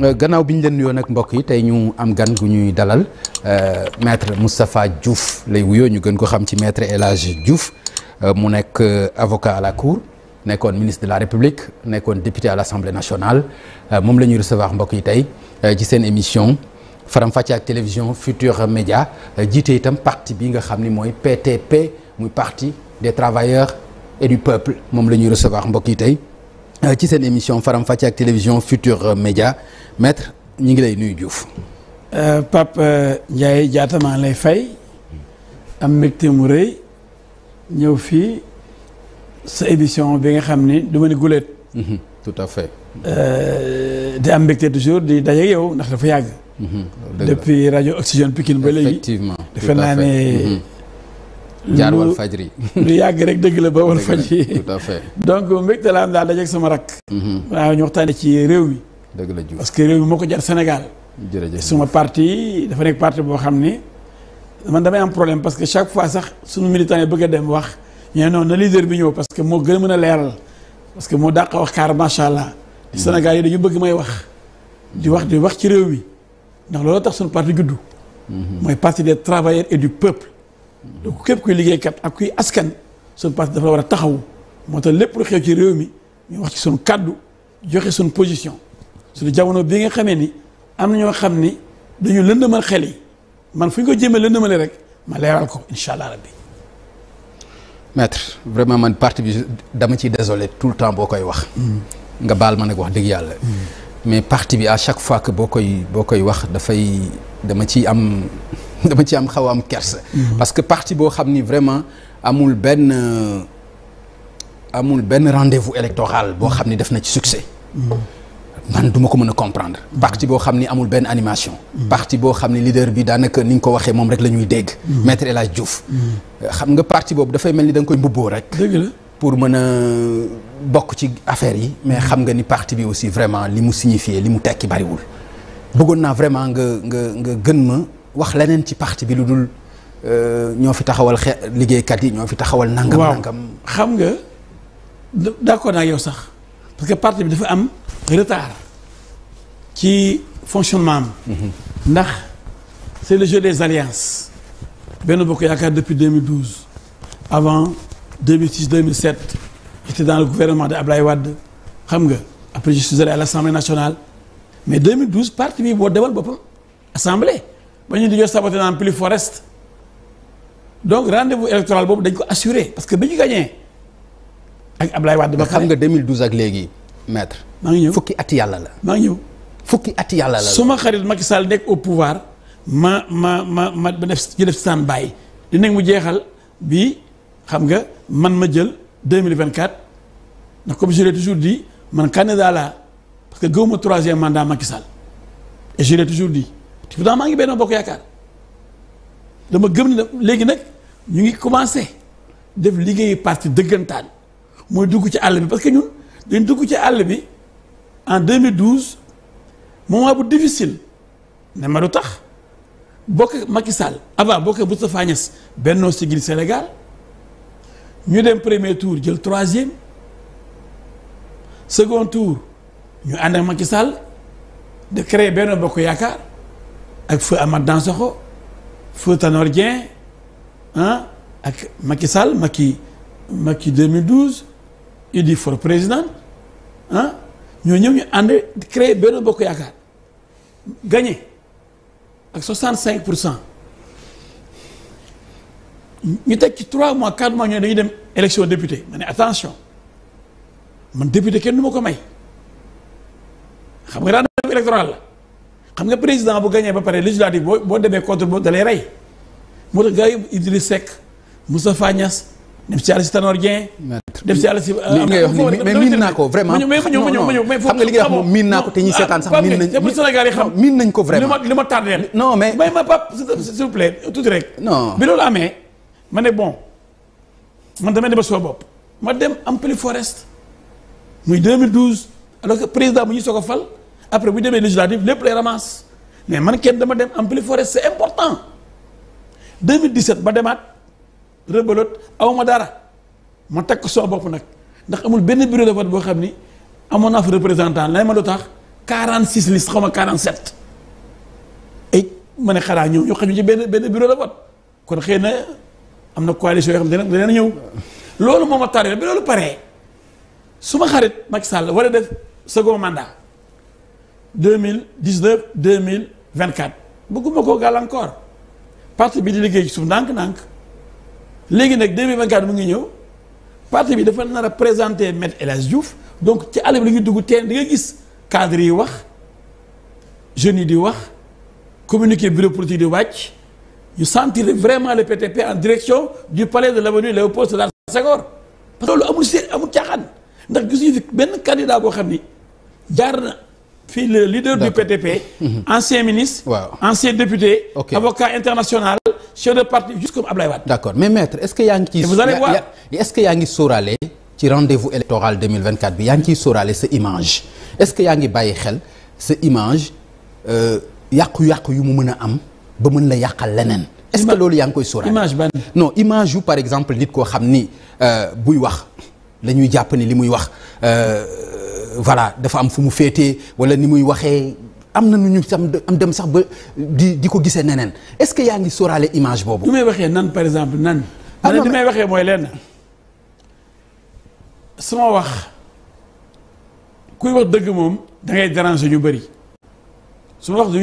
Euh, gannaaw biñu ñu leen nuyoo nag mbokk yi tey ñu am gan gu ñuy dalal euh, maître Moustapha Diouf lay wuyoo ñu gën ko xam ci maître Elage Hadji Diouf euh, mu nekk avocat à la cour nekkoon ministre de la république nekkoon député à l'assemblée nationale moom la ñuy recevoir mbokk yi tey ci seen émission Faram Facce ak télévision futur média jiite itam parti bi nga xam ni mooy PTP muy parti des travailleurs et du peuple moom la ñuy recevoir mbokk yi tey. Euh, ci sen émission Faram Fatia ak télévision Futur Média maître ñi ngi lay nuyu Diouf. Euh, Pape euh, Ndiaye Diatta maa lay fay am mbégte mu rëy ñëw fi sa émission bi nga xam ni du ma ni guléet. Mhm, tout à fait. di am mbégte toujours di dajé yow ndax dafa yàgg. Mhm, depuis Radio Oxygène Pikine ba léegi. effectivement jaar wal fajri lu yàgg rek dëgg la ba wal fajri tout à fait donc mbégte laa am daal dajeeg sama rakk mhm. waaw ñu waxtaane ci réew mi dëgg la Diouf parce que réew mi moo ko jar Sénégal jërëjëf suma parti dafa nekk parti boo xam ni man damay am problème parce que chaque fois sax suñu militant yi bëgg a dem wax ñu ne non na leader bi ñëw parce que moo gën a mën a leeral parce que moo dàq wax kaar macha allah mhm. Sénégal yi dañu bëgg may wax di wax di wax ci réew mi ndax loolu tax suñu parti juddu mhm. mooy parti des travailleurs donc képp kuy liggéeykat ak kuy askan suñu parti dafa war a taxawu moo tax lépp lu xew ci réew mi ñu wax ci suñu kàddu joxe suñu position suñu jamono bi nga xamee ni am na ñoo xam ni dañu lëndëmal xel yi man fu ñu ko jéemee lëndëmale rek ma leeral ko incha allah rabbi maître vraiment man parti bi dama ciy désolé tout le temps boo koy wax mm. nga baal ma nag wax dëgg yàlla mm. mais parti bi à chaque fois que boo koy boo koy wax dafay dama ciy am dama ci am xaw am kersa. Mhm. parce que parti bo xamni vraiment amul ben amul ben rendez-vous électoral bo mhm. xamni def na ci succès. Mhm. man du ko mën comprendre. parti boo xam ni amul ben animation. parti bo xamni leader bi danaka ni nga ko waxee moom rek la ñuy maître El Diouf. xam nga parti boobu da fay melni dang koy mbubbo rek. la pour mën bok ci affaire yi. mais xam nga ni parti bi aussi vraiment li signifier signifié tekki bariwul. bëggoon naa vraiment nga nga nga gën ma wax leneen ci parti bi lu dul euh, ñoo fi taxawal xe liggéeykat yi ñoo fi taxawal. nangam nangam xam nga d'accord naa yow sax parce que parti bi dafa am retard ci fonctionnement am. Mhm. ndax c'est le jeu des alliances. benn Bokk Yaakaar depuis 2012 avant 2006 2007 j'étais dans le gouvernement de Ablaye Wade xam nga après je suis allé à l'Assemblée nationale mais 2012 parti bi boo demal boppam assemblée ba ñu di ñoo saboté plus forest donc rendez-vous électoral boobu dañ ko assuré parce que bi ñu gagné ak Ablaye Wade ba xam nga 2012 ak léegi maître. maa ngi ñëw fukki at yàlla la. maa ngi ñëw fukki at yàlla la. su xarit Macky Sall nekk au pouvoir ma ma ma ma def ci def stand by di nekk mu jeexal bi xam nga man ma jël 2024 ndax comme je l'ai toujours dit man candidat laa parce que gëwuma troisième mandat Macky Sall et je l'ai toujours dit. te pourtant maa ngi Benno Bokk Yaakaar dama gëm ne léegi nag ñu ngi commencé def liggéeyu parti dëggantaan mooy dugg ci àll bi parce que ñun dañ dugg ci àll bi en 2012 moment bu difficile ne ma du tax bokk Macky Sall avant bokk Moustapha Niasse Benno Siggil Sénégal ñu dem premier tour jël troisième second tour ñu ànd ak Macky Sall de créer Benno Bokk Yaakaar. ak Amad Amath Dansokho Tanorien, hein, Dieng ak Macky Sall Macky Macky 2012 Idy for président hein, ñoo ñëw ñu ànd créé Benno Bokk gagné ak 65 Nous avons ñu ci 3 mois 4 mois ñoo dañuy dem élection député ma attention man député kenn du ma ko may xam nga daan électoral la xam nga président bu gagné ba paré législative bo boo contre bo da lay je Idriss ci ci mais min nako vraiment. xam nga li nga wax ñi sétane sax min nañ. ko vraiment. tardé. non mais ma s'il vous plaît tout rek. non bi mais mané bon man dem so bop ma dem am plus muy 2012 alors que président mu ñu soko fal. après bu demee législative lépp lay ramasse mais man kenn dama dem ampli forêt c'est important 2017 ba demaat rebeloot aw ma dara ma takk soo bopp nag ndax amul benn bureau de vote boo xam ni amoon naa fa représentant lay ma lu tax 46 liste xaw ma 47 ay ma ne xaraa ñëw ñu ci benn benn bureau de vote kon xëy na am na coalition yoo xam ne dana dana ñëw loolu a ma taree bi loolu paree su ma xarit Macky Sall war def second mandat. 2019 2024 bëgguma gal encore. parti bi di liggéey ci suuf nank. ndànk léegi 2024 mu ngi parti bi dafa nar a présenter maître El donc ci àll bi li ñuy nga gis cadre yi wax jeune yi di wax communiqué bureau politique di wàcc ils sentir vraiment le PTP en direction du palais de l'avenue Léopold Sédar sagor parce que loolu amul séer amul caaxaan ndax gisuñu fi benn candidat boo il ni le leader du PTP mhm. ancien ministre ancien député avocat international chef de parti jusqu'à comme d'accord mais maître est-ce que y a vous allez voir est-ce que yaa ngi aller ci rendez-vous électoral 2024 Il y a ciy sóoraale image est-ce que y a un xel image euh, Yaku yaku mu am ba la est-ce que loolu yaa ngi koy sóoraale image non image où par exemple dit ko xamni euh buy wax lañuy japp ni voilà dafa am fu mu wala ni muy waxé amna ñu sam am dem sax ba di di ko est-ce que a ngi une image bobu pas waxé nan par exemple nan. ah waxé moy lén wax kuy wax dëgg moom da ngay déranger ñu bari wax du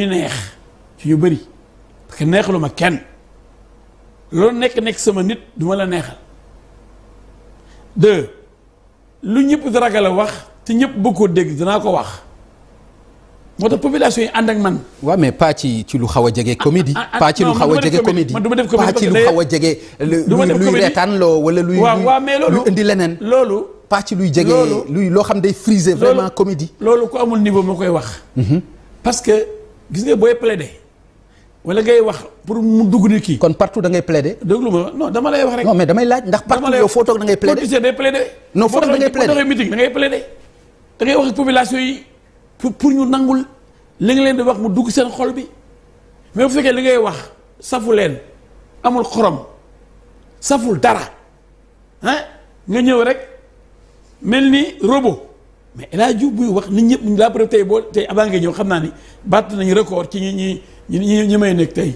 ci ñu parce que ma kenn nek sama nit duma la neexal deux lu ñëpp wax te ñëpp bëgg koo dégg dinaa ko wax moo population yi ànd ak man. wa mais pas ci ci lu xawa a comédie. Ah, ah, pas ci lu xawa a comédie pas ci lu xawa a jege. du ma def comédie wala luy. waaw waaw mais loolu indi lenen lolu pas ci luy jege. luy lo xam day friser vraiment comédie. lolu ko amul niveau moo koy wax. Mhm. parce que gis nga boy plaider. wala ngay wax pour mu dugg ni ki kon partout da ngay plaider. déglu non dama lay wax rek. non mais damay laaj ndax partout yo foo toog da ngay plaider. politicien day plaider. non foo da ngay plaider meeting da ngay plaider. dangay ngay wax population yi pour pour ñu nangul li nga leen di wax mu dugg seen xol bi mais bu fekkee li ngay wax safu leen amul xorom saful dara ah nga ñëw rek mel ni robot mais El Hadj buy wax nit ñëpp la preuve tey boo tey avant nga ñëw xam naa ni batt nañu record ci ñi ñi ñi ñi may nekk tey.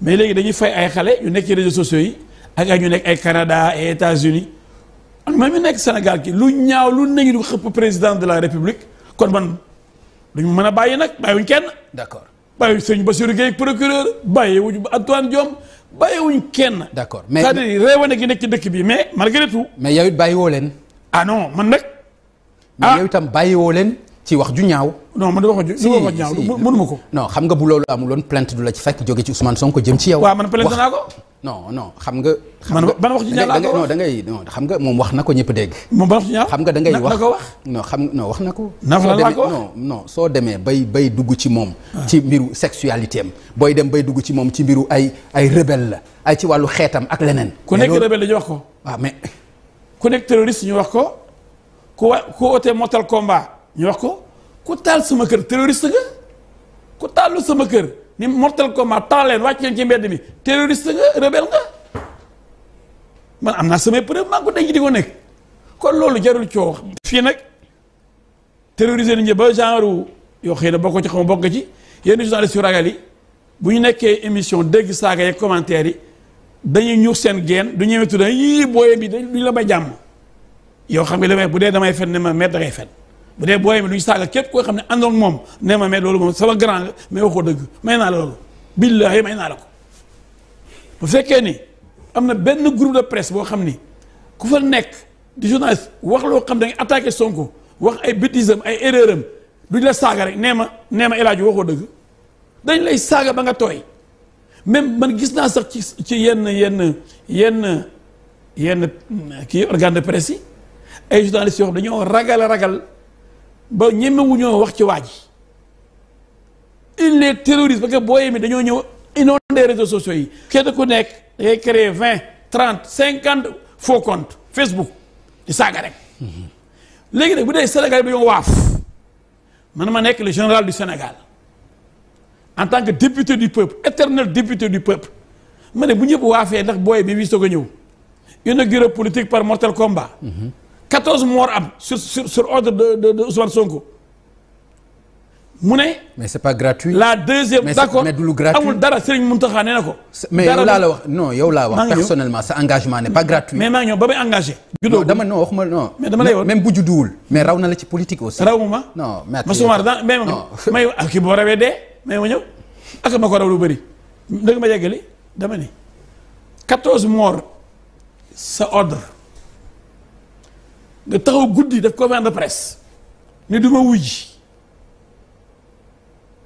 mais léegi dañuy fay ay xale ñu nekk ci réseaux sociaux yi ak ay ñu nekk ay Canada ay États-Unis ak man mi nekk Sénégal ki lu ñaaw lu nañu xëpp président de la République kon man dañu mën a bàyyi nag bàyyiwuñ kenn. d'accord bàyyiwuñ sëñ Bassirou Gueye procureur bàyyiwuñ Antoine Diome bàyyiwuñ kenn. d'accord mais c'est-à-dire réewane gi nekk ci dëkk bi mais malgré tout. mais yow bàyyi woo leen. ah non man nag. ah mais yow itam bàyyiwoo leen. ci wax ju ñaaw. non man de waxu ju wax ñaaw mënuma ko. non xam nga bu loolu amuloon plainte du la ci fekk jóge ci Ousmane Sonko jëm ci yow. waaw man plainte naa ko. non non xam nga. man ban wax ju ñaaw laa ko non da ngay non xam nga moom wax na ko ñëpp dégg. moom ban wax ju ñaaw xam nga da ngay wax na ko wax. non xam non wax na ko. naaf laa ko non non soo demee bay bay dugg ci moom. Ah. ci mbiru sexualité am booy dem bay dugg ci moom ci mbiru ay ay rebelle la ay ci wàllu xeetam ak leneen. ku nekk rebelle dañu wax ko. waaw ah, mais ku nekk terroriste ñu wax ko ku wa ku ootee motal combat ñu wax ko ku taal sama kër terroriste nga ku tàll sama kër ni mortal combat taal leen wàcc leen ci mbedd mi terroriste nga rebelle nga man am naa samay preuve maa ngi ko denc di ko nekk kon loolu jarul coow fii nag terroriser nit ñi ba genre yoo xëy na bokkoo ci xam bokk ci yenn journalistes yu ragal yi bu ñu nekkee émission dégg saaga yi commentaire yi dañuy ñuux seen geen du ñëwee tudd yii booyee bi dañ duñ la may jàmm yow xam nga damay bu dee damay fen ne ma met dangay fen bu dee booy mi duñu saaga képp koo xam ne àndoon moom nee ma mais loolu moom sama grand nga mais waxoo dëgg may naa la loolu billaahi may naa la ko bu fekkee ni am na benn groupe de presse boo xam ni ku fa nekk di journaliste wax loo xam da ngay attaqué Sonko wax ay bêtises am ay erreur am duñ la saaga rek nee ma nee ma El Hadj waxoo dëgg dañ lay saaga ba nga tooy même man gis naa sax ci ci yenn yenn yenn yenn kii organ de presse yi ay journalistes yoo xam dañoo ragal ragal ba wax il les terroriste. parce que boye mi dañoo ñëw réseaux sociaux yi a ku nekk 30, créer vingt trente cinquante faux comptes Facebook di saaga rek léegi nag bu dee Sénégal bi waaf man ma nekk le général du Sénégal en tant que député du peuple éternel député du peuple ma ne bu ñëpp waafee ndax bi Ils a Une guerre politique par mortel combat. 14 morts sur sur sur ordre de de de Ousmane Sonko mais c'est pas gratuit. la deuxième mais d'accord mais gratuit dara mais la non personnellement cet engagement n'est pas gratuit. mais je suis engagé. Non, non non. mais même mais na la politique aussi. non mais. ma suma mais ma vous ak kii boo dé? je mais ma ak ma raw lu yeggali dama 14 morts sur ordre. nga taxaw guddi def conférence de presse ne du wujji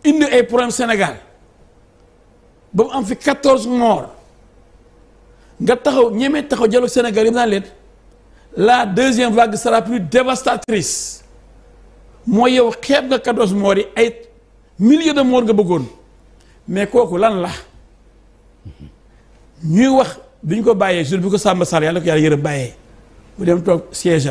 indi ay problème Sénégal ba mu am fi quatorze morts nga taxaw ñemee taxaw dialogue Sénégal yi mu naan leen la deuxième vague sera plus dévastatrice mooy yow xeeb nga quatorze morts yi ay milliers de morts nga bëggoon mais kooku lan la ñuy wax bi ñu ko bàyyee jour bi ko Samba Sall yàlla ko yàlla yërëm bàyyee bu dem toog siège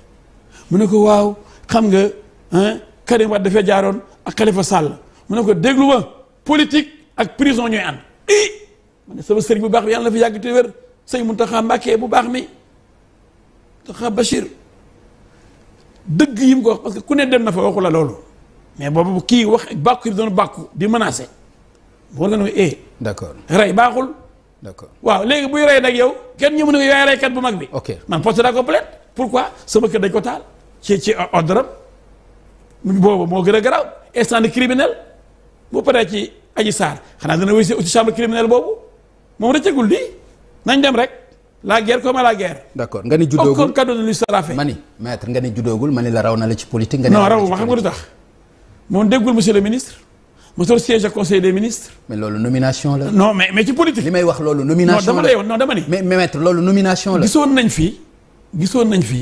ko waaw xam nga hein, Karim jaaroon ak Khalifa Sall mu ko politique ak prison ñooy ànd i ma ne sama bu baax bi na fi yàgg te wér bu baax mi Bachir ko wax parce que ku ne dem na fa waxu la loolu mais boobu kii wax bàkku yi doon bàkku di menacé boo la eh. d'accord rey baaxul. d'accord waaw léegi buy rey nag yow kenn ñu a yaay kat bu mag bi. ok man la pourquoi sama kër dañ ko taal. ci ci ordre am boobu moo gën a garaaw instant de criminel bu paree ci aji saar xanaa dana wéy si aussi chambre criminel boobu moom rëccagul lii nañ dem rek la guerre comme la guerre. d'accord nga ni juddoogul ma ni maître nga ni juddoogul ma ni la raw na la ci politique. nga ni non raw ma xam nga lu tax loolu nomination la. mais mais ci politique. li may wax loolu nomination la non dama lay non dama ni. mais mais maître loolu nomination la. gisoon nañ fii gisoon nañ fi.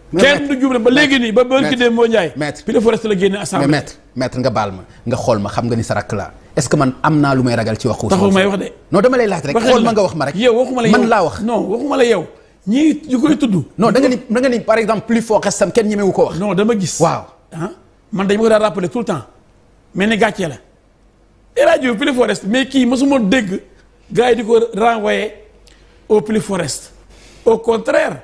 kenn du jublu ba léegi nii ba ba ki dem moo Ndiaye. maître puis la génne assemblée. mais maître nga baal ma nga xool ma xam nga ni sa rakk laa est-ce que man am naa lu may ragal ci waxu. taxul may wax de. non dama lay laaj rek xool ma nga wax ma rek. yow waxuma la yow man laa wax. non waxuma la yow ñii ñu koy tuddu noo da nga ni da nga ni par exemple plus fort restam kenn ñemewu ko wax. non dama gis. waaw ah, man dañ ma ko daan rappeler tout le temps mel ni gàccee la. El Hadj Diouf plus fort reste mais kii mosuma dégg gars di ko renvoyer au plus fort reste au contraire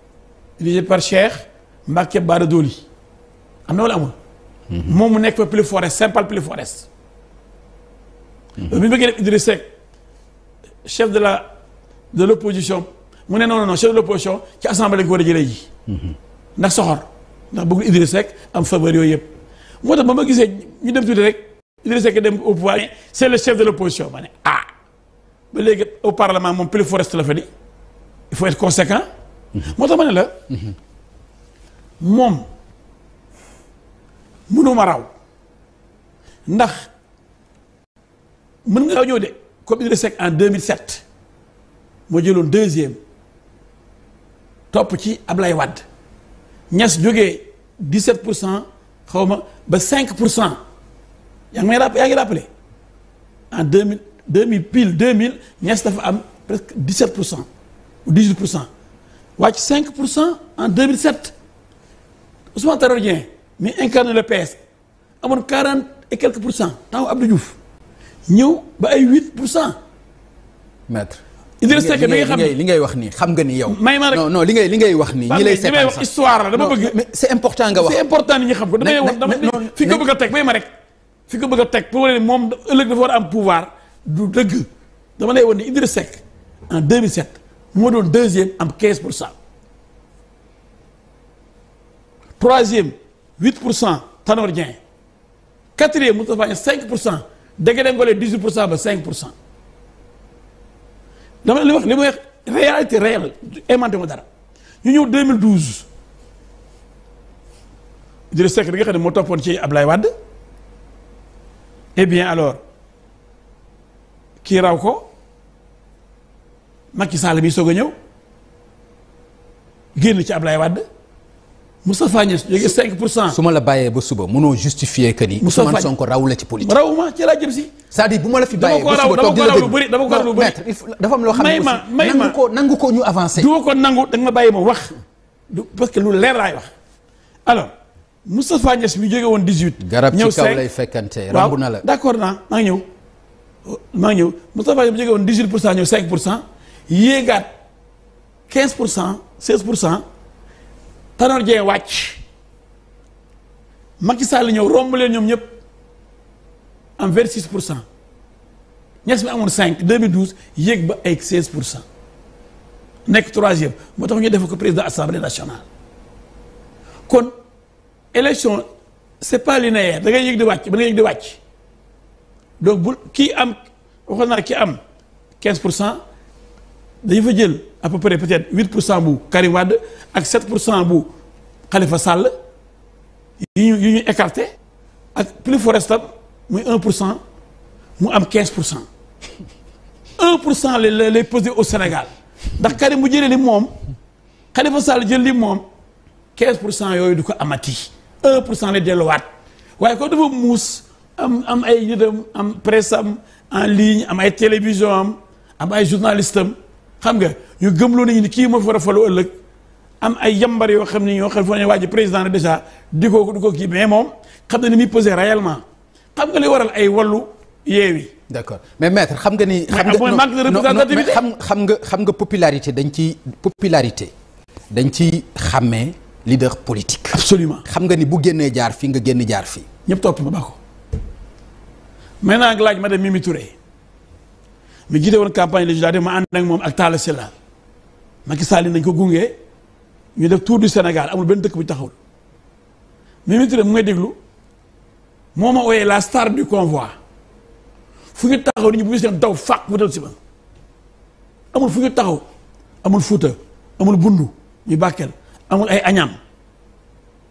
dirigé par Cheikh Mbacké Bara Dolly am na wala amul. Mhm. moom mu plus forest simple plus forest. bi ñu bëggee def Idriss Seck chef de la de l'opposition, opposition non non non chef de l'opposition qui ci assemblée ko war a jëlee ji. Mhm. ndax soxor ndax bëggul Idriss Seck am faveur yooyu Moi moo tax ba ma gisee ñu dem tuuti rek Idriss Seck dem au pouvoir c'est le chef de l'opposition, opposition ah ba léegi au parlement mon plus forest la fa il faut être conséquent moi tax ma ne moi, je mënuma raw ndax mën nga ñëw de en 2007 suis jëloon deuxième top ci Ablaye Wad. Niass jógee 17 5 Vous vous rappelez en 2000 2000 pile 2000 Niass dafa presque 17 ou 18 wàcc 5 pour cent en 2007 Ousmane Tanor Dieng mi incarne le PS amoon 40 et quelques pour cent taw Abdou Diouf ba ay 8 maître Idriss Seck mi nga xam li ngay wax nii xam nga ni yow. non non li ngay li ngay wax nii. ñi lay seetaan mais c'est important nga wax c'est important ni ñu xam ko damay wax dama fi nga bëgg a teg may ma rek. fi nga bëgg a pour wane ni moom ëllëg dafa war a am pouvoir du dëgg dama lay wax Idriss Seck en 2007 moo deuxième am 15 troisième 8 tanordien quatrième 5 pour 18 5 La dama réalité réelle inventé ma dara ñu 2012 je suis nga de mo un ci Ablaye eh bien alors qui est encore Macky Sall mi soog a ñëw ci Ablaye Wade Moustapha Niass jógee 5 suma la bayé ba suba mëno justifier que ni. Moustapha Ousmane Sonko raw la ci politique. rawuma ci la jëm si. c'est-à-dire la fi bàyyee ba suba toog di la déglu dama ko raw lu bëri dafa am lo xam ne aussi nangu ko nangu ko ñu avancer du ko nangu da nga bayé bàyyi ma wax. du parce que lu leer lay wax alors Moustapha Niass mi jógee won 18. garab ci kaw lay fekkante rambu na la d'accord na ma ñew ma ñew ngi ñëw Moustapha Niass mi jógee woon 18 ñew 5 Yegat 15 16 pour cent Tanor Dieng wàcc Macky Sall ñëw 26 ñess 5 2012 yéeg ba ay 16 nek 3e troisième ñu def ko président assemblée nationale kon élection c'est pas linéaire da ngay yeg di watch, ba nga donc qui a am am 15 dañu fa jël à peu près peut-être huit pour cent bu Karim Wade ak sept pour Khalifa écarté plus forest, 1%, un pour cent mu am au Sénégal ndax Karim bu jëlee li moom Khalifa Sall jël li quinze pour cent yooyu du amati un pour cent lay am am en ligne am ay télévision am journaliste xam nga ñu gëmloo nañu ni kii moo fi war a falu ëllëg am ay yambar yoo xam ne ñoo xam foo ne waa ji président déjà di ko di ko kii mais moom xam na ni muy pesé réellement xam nga li waral ay wallu yeewi d'accord mais maître xam nga ni xam nga manque de représentativité xam xam nga xam nga popularité dañ ci popularité dañ ci xàmmee leader politique absolument xam nga ni bu génnee jaar fii nga génn jaar fii ñëpp topp ma ba ko maintenant ak laaj ma dem Mimi Touré mi jiite woon campagne législative ma ànd ak moom ak Talla Sylla Macky Sall nañ ko gunge ñu def tour du Sénégal amul benn dëkk bu taxawul Mimi mu ngay déglu moo ma ooyee la star du convoi fu ñu taxaw nit ñi bu seen daw fàq bu dal si ma amul fu ñu taxaw amul Fuuta amul Bundu ñu Bakel amul ay añaam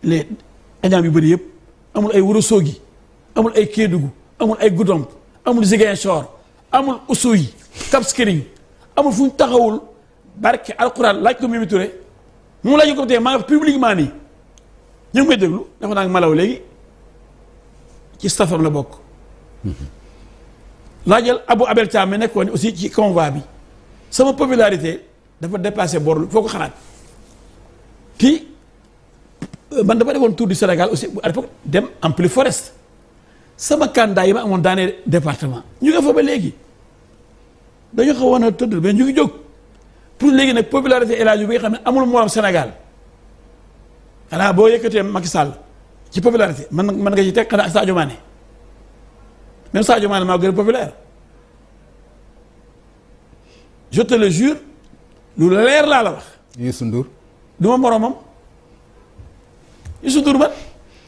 les añaam yu bëri yëpp amul ay Ourossogui amul ay Kédougou amul ay Goudomp amul Ziguinchor amul usu yi tabskiriñ amul fu taxawul barke alquran laaj ko Mimi Touré mu laaj ko té maa publiquement ni ñu ngi déglu dafa nak malaw légui ci staffam la bokk laajal Abou Abel Thiam mi nekkoon aussi ci convoi bi sama popularité dafa dépasser bor foko xalat ki kii man dafa defoon tour du Sénégal aussi à l'époque dem en plus forest sama candidat yi ma amoon daanee département ñu nga fa ba léegi dañu xawoon a tëdd mais ñu ngi jóg pour léegi nag popularité El bi nga xam ne amul morom Sénégal xanaa boo yëkkatee Macky Sall ci popularité man man nga ci teg xanaa ak Sadio Mané même Sadio Mané maa gën a populaire je te le jure lu leer laa la wax. Youssou Ndour. du ma moromam Youssou Ndour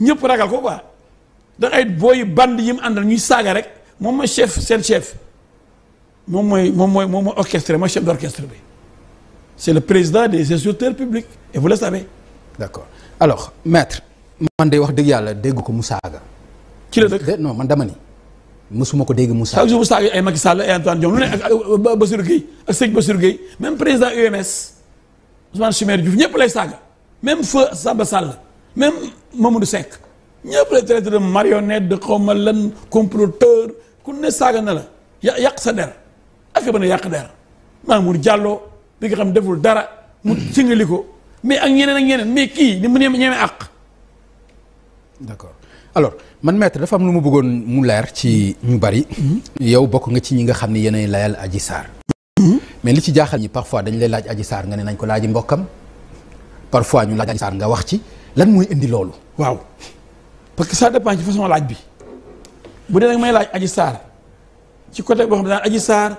ñëpp ragal ko quoi da ay boy band yim andal ñuy saga rek mom ma chef sen chef mom moy mom moy moom orchestre mooy chef d'orchestre bi c'est le président des instructeurs publics et vous le savez. d'accord alors maître. man day wax deug yalla dégg ko mu ci le dëkk non man dama ni. musuma ko dégg mu saaga. saa yu si ay Macky Sall Antoine Diom lu ne ak Bassirou Gueye ak sëñ Bassirou Gueye même président UMS Ousmane Chimère Diouf ñepp lay saga, même feu Samba Sall. même du Seck ñëpp la traité de marionnette de xawma lan comploteur ku ne saaga na la ya yàq sa der ak mën yàq der Mamour jàlloo bi nga xam deful dara mu singali ko mais ak ñeneen ak ñeneen mais kii ni mu ñeme ñeme àq. d'accord alors man maître dafa am lu ma bëggoon mu leer ci ñu bari. Mhm. yow bokk nga ci ñi nga xam ni yéenay layal Adji Sarr. Mhm. mais li ci jaaxal ñi parfois dañ lay laaj aji saar nga ne nañ ko laaji mbokkam parfois ñu laaj Adji Sarr nga wax ci. lan mooy indi loolu. waaw parce que ça dépend ci façon laaj bi bu dee nag may laaj aji saar ci côté boo xam ne daal aji saar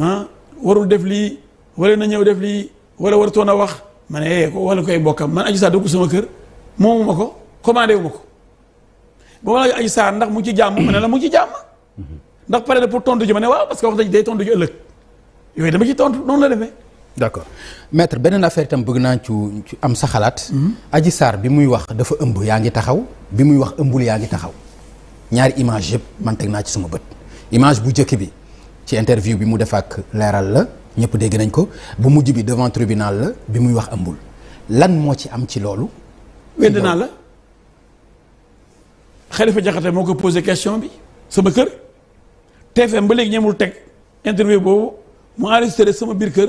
ah, warul def lii wala na ñëw def lii wala waratoon a wax ma ne eh, wala koy bokkam man aji saar dugg sama kër moomu ko commandé wu ko ba ma laaj aji saar ndax mu ci jàmm ma ne la mu ci jàmm mhm. ndax pare na pour tontu ji ma ne waaw parce que wax dëgg day tontu ji ëllëg yooyu dama ci tontu noonu la demee. d'accord maître beneen affaire itam bëgg naa ci am sa xalaat. Adji Sarr bi muy wax dafa ëmb yaa ngi taxaw bi muy wax ëmbul yaa ngi taxaw ñaari image yëpp man teg naa ci sama bët image bu njëkk bi ci interview bi mu def ak leeral la ñëpp dégg nañ ko bu mujj bi devant tribunal la bi muy wax ëmbul lan moo ci am ci loolu. wedd naa la Khalifa Diakhaté moo ko posé question bi sama kër TFM ba léegi ñemul teg interview boobu mu enregistré sama biir kër.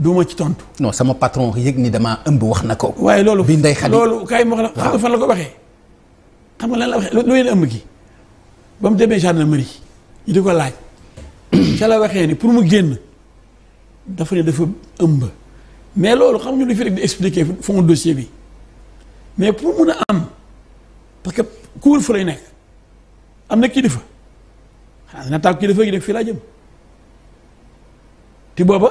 du ma ci tontu. non sama patron yëg ni damaa ëmb wax na ko. waaye loolu bi ndey xadi loolu kaay ma la xam nga fan la ko waxee. xam nga lan la waxee lu yéen ëmb gi ba mu demee gendarmerie ñu di ko laaj. ca la waxee ni pour mu génn dafa ne dafa ëmb mais loolu xam ñu lu fi rek di expliquer fond dossier bi pour mun a am parce que kuul fu lay nekk am na kilifa xanaa na taal kilifa gi nag fii laa jëm te booba.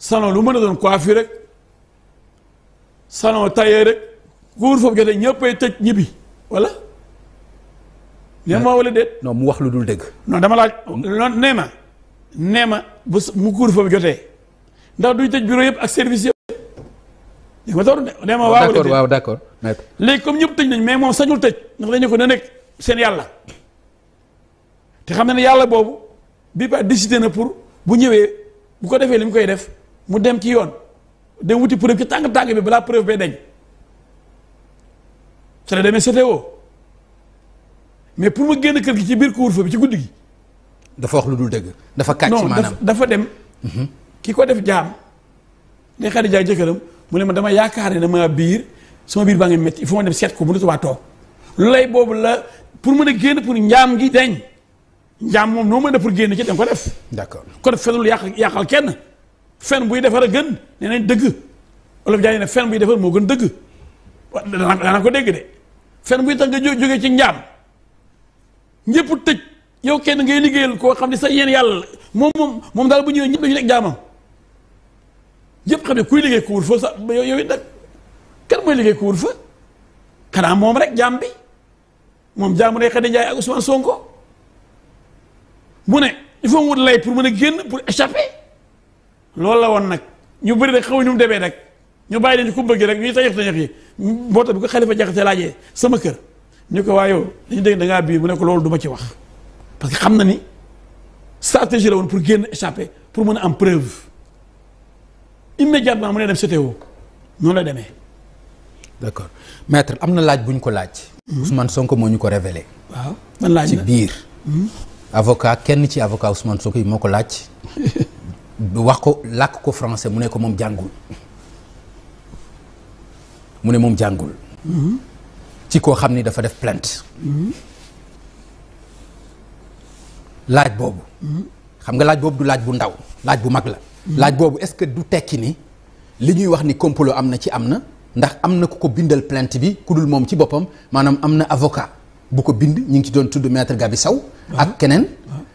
salon lu mën a doon coiffure rek salon tailleur rek kuur foofu jotee ñëppay tëj ñibbi wala. yan maa wala déet. non mu wax lu dul dëgg. non dama laaj. non oh. nee ma nee ma bu mu kuur foofu jotee ndax duñ tëj bureau yëpp ak service yëpp. dégg nga toog nee ma waaw. d'accord waaw d'accord léegi comme ñëpp tëj nañ mais moom sañul tëj ndax dañu ko na nekk seen yàlla. te xam na ne yàlla boobu bi ba décidé na pour bu ñëwee bu ko defee li mu koy def. mu dem ci yoon dem wuti preuve ci tàng tàng bi balaa preuve bee dañ su la demee CTO mais pour mu génn kër gi ci biir couvre-feu bi ci guddi gi. dafa wax lu dul dëgg. dafa kàcc maanaam dafa dem. Mhm. ki ko def jaam. day xaar di jaay jëkkëram mu ne ma dama yaakaar ne dama biir sama biir baa ngi metti il faut ma dem seet ko mu ne waa toog lu lay boobu la pour mën a génn pour njaam gi dañ. njaam moom noo mën a pour génn ci da nga ko def. d'accord kon felul yàq yàqal kenn. fen buy defar a gën nee dëgg olof jaay ne fen buy defar moo gën dëgg wa danaa ko dégg de fen buy tax nga jógee ci njaam ñëpp tëj yow kenn ngay liggéeyal koo xam ne sa yéen yàlla moom moom moom daal bu ñëwee ñëpp dañu nekk jaamam ñëpp xam ne kuy liggéey couvre-feu sax yow yow it nag kan mooy liggéey couvre-feu xanaa moom rek jaam bi moom jaamu ne Khady Ndiaye ak Ousmane Sonko mu ne il foo mu wut lay pour mën a génn pour échapper. C'est la ñu Nous rek ñu ñu leen ku bëgg rek tayx tayx yi bi ko sama kër ko da mu parce que stratégie la pour génn échapper pour mëna preuve immédiatement mu ne dem CTO non la démé maître amna laaj buñ ko laaj. Hmm? Ousmane Sonko moo ko révélé. waaw man laaj hmm? avocat kenn ci avocat Ousmane Sonko yi laaj. wax ko làkk ko français mu ne ko moom jàngul mu ne moom jàngul ci koo xam ni dafa def plainte laaj boobu xam nga laaj boobu du laaj bu ndaw laaj bu mag la laaj boobu est-ce que du tekki ni li ñuy wax ni complot am na ci am na ndax am na ku ko bindal plant bi ku dul moom ci boppam maanaam am na avocat bu ko bind ñu ngi ci doon tudd metre Gabi Sow ak keneen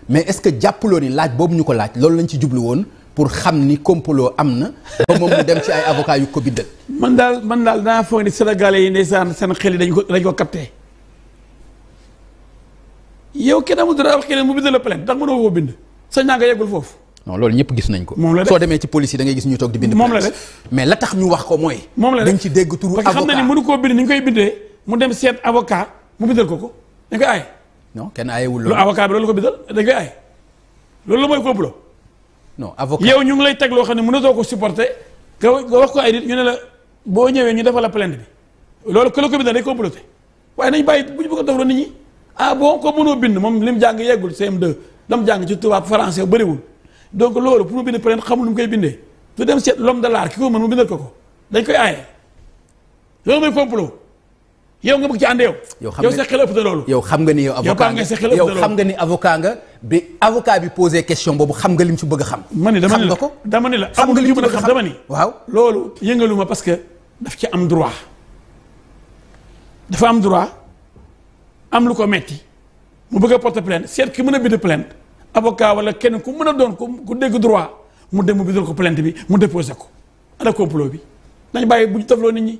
mais est-ce que jàppaloo ni laaj boobu ñu ko laaj loolu lañ ci jublu woon pour xam ni complot am na. ba moom dem ci ay avocat yu ko biddal. man dal man dal da foog ni sénégalais yi ndeysaan sen xel dañ ko dañu ko capté yow kenn amul dara wax keneen mu bind la plainte ndax mënoo koo bind sa ñanga yegul fofu non loolu ñepp gis nañ ko. moom la ci police da ngay gis ñu tok di bind. mom la def mais la tax ñu wax ko moy dañ ci dégg turu avocat parce que xam na ni mënu ko bind ni ñu koy bindee mu dem sét avocat mu bindal ko ko dañ koy aaye. non kenn aayewul loolu avocat bi loolu ko bindal dañ koy aay loolu la mooy complot. non yow ñu ngi lay teg loo xam ne mënatoo ko supporter nga wax ko ay nit ñu ne la boo ñëwee ñu defal la bi loolu ku la ko bindal day comploté waaye nañ bàyyi bu ñu bëgg a def nit ñi ah bon ko mënoo bind moom lim jàng yeggul CM2 dam jàng ci tubaab français bëriwul donc loolu pour mu bind plainte xamul nu mu koy bindee du dem seet l'homme de l'art ki ko mën mu bindal ko ko dañ koy aaye loolu mooy complot. yow nga bëgg ci ànd yow. yow xam xel ëpp loolu. yow xam nga ni yow avocat nga yow xam nga ni avocat bi avocat bi posé question boobu xam nga lim ci bëgg xam. xam nga ko dama ni la dama ni la amul li mën a xam dama waaw loolu yëngalu ma parce que daf ci am droit dafa am droit am lu ko metti mu bëggee a porter plainte seet ki mën a bind plainte avocat wala kenn ku mën a doon ku dégg droit mu dem mu bindal ko plainte bi mu déposé ko ana complot bi nañ bàyyi bu ñu tafloo nit ñi.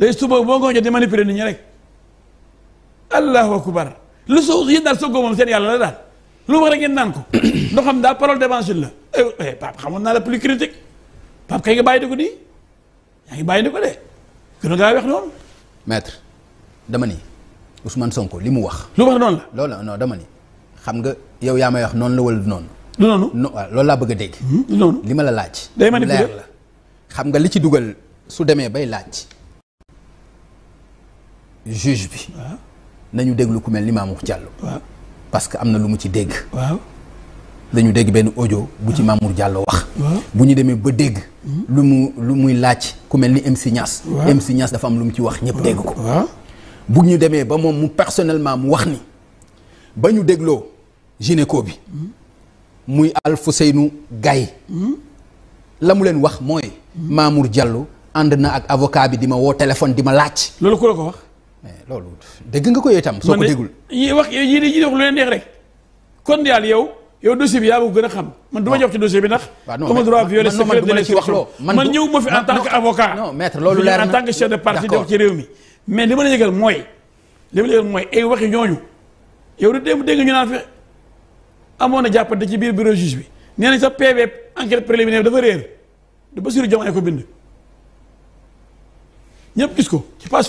léegi suba boo ngoo jot di manipuler nit ñi rek allahu akbar lu soo yéen daal soogoo moom seen yàlla la daal lu wax rek ngeen naan ko ndox xam daal parole d'évangile la eh, eh Pape xamoon naa la plus critique Pape kay nga bàyyi di ko nii yaa ngi bàyyi di ko de gën a gaaw wax noonu. maître dama ni Ousmane Sonko li mu wax. lu wax noonu la loolu non dama ni xam nga yow yaa may wax noonu la wala du noonu. du noonu non waaw loolu laa bëgg a dégg. du hmm, noonu li ma la laaj. day manipuler leer la xam nga li ci dugal su demee bay laaj. juge bi. nañu déglu ku mel ni Mamour Diallo. parce que am na lu mu ci dégg. dañu dégg benn ojo bu ci Mamour jàlloo wax. bu ñu demee ba dégg. Hmm? lu mu lu muy laaj ku mel ni MC Niass. dafa am lu mu ci wax ñëpp dégg ko. bu ñu demee ba moom mu personnellement mu wax ni ba ñu dégloo gynéco bi. Hmm? muy Alfousseynou Gaye hmm? la mu leen wax mooy. Mamour Diallo ànd na ak avocat bi di ma woo téléphone di ma laaj. loolu ku la ko wax. mais loolu dégg nga ko yow itam. soo ko déggul yi wax yii di wax lu leen neex rek. kon daal yow yow dossier bi yaa ko gën a xam. man du ma jox ci dossier bi ndax. waaw man wax loo man ñëw ma fi en tant que avocat. non maître loolu leer na en tant que chef de parti def ci réew mi. mais li ma la yëgal mooy. li ma la yëgal mooy ay waxi ñooñu yow du dégg dégg ñu naan fi amoon na jàppante ci biir bureau juge bi nee sa sax PV enquête préliminaire dafa réer du Bassirou Diomaye ko bind ñëpp gis ko ci page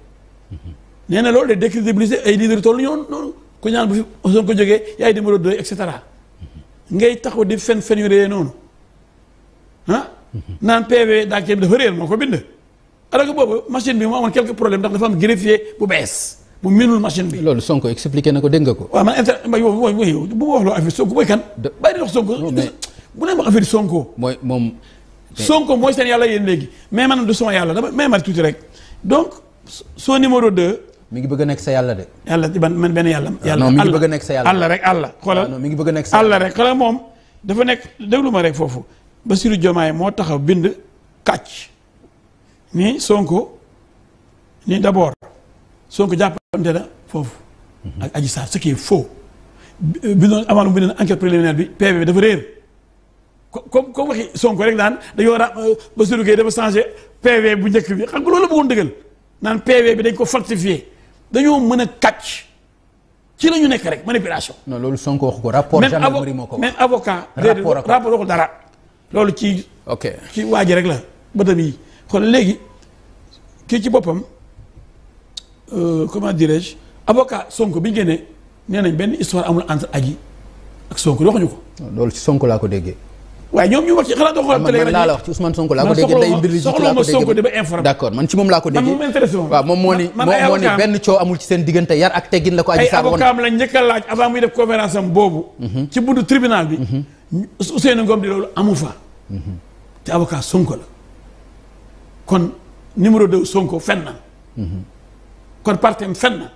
nee na loolu de décrédibiliser ay leader toll ñoon noonu ku ñaan bu fi Ousmane ko jógee yaay numéro 2 et cetera ngay taxaw di fen fen yu réyee noonu ah naan PV daakee bi dafa réer moo ko bind alors que boobu machine bi moo amoon quelque problème ndax dafa am greffier bu bees bu minul machine bi. loolu Sonko expliqué na ko dégg nga ko. waaw man inter ma yow bu ma wax loo affaire Sonko mooy kan. bàyyi di wax Sonko. bu ne ma affaire Sonko. mooy moom. Sonko mooy seen yàlla yéen léegi mais man du sama yàlla dama may ma tuuti rek donc son numéro 2. mi ngi bëgg a nekk sa yàlla de. yàlla ci ban man benn yàlla. yàlla non mi ngi bëgg a nekk sa yàlla àll rek àll. xoolal non ngi bëgg a nekk sa yàlla rek xoolal moom. dafa nekk lu ma rek foofu Bassirou Diomaye moo taxaw bind kàcc ni Sonko ni d'abord Sonko jàppante foofu. Mhm. ak Adji Sarr ce qui est faux. bi euh, doon amaat mu bind enquête bi dafa réer. comme comme waxi Sonko rek daan dañoo ra euh, Bassirou Gueye dafa changé PV bu njëkk bi xam nga loolu la bëggoon dëggal naan PV bi dañ ko falsifié. dañoo mën a kàcc ci la ñu nekk rek manipulation. non loolu Sonko waxu ko rapport. gendarmerie moo ko wax même avocat. rapport ak dara. loolu ci. ok waa ji rek la ba bëtam yi kon léegi kii ci boppam euh, comment dirais-je avocat Sonko bi ñu génnee nee nañ benn histoire amul entre Adji ak Sonko waxuñu ko. loolu ci Sonko laa ko déggee. waaye ñoom ñu wax ci xalaat doo xool télé man laa la wax ci Ousmane Sonko laa ko déggee day mbir soxla ma Sonko di ma informé d'accord man ci moom laa ko déggee waaw moom moo ni moom moo ni benn coow amul ci seen diggante yar ak teggin la ko aji saar woon ay avocat la njëkk a laaj avant muy def conférence am boobu mhm. ci buntu tribunal bi mhm. Ousseynou Ngom di loolu amu fa mhm. te avocat Sonko la kon numéro deux Sonko fen na kon parti am fen na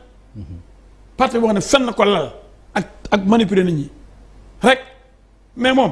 parti boo xam ne fen na ko lal ak ak manipuler nit ñi rek mais moom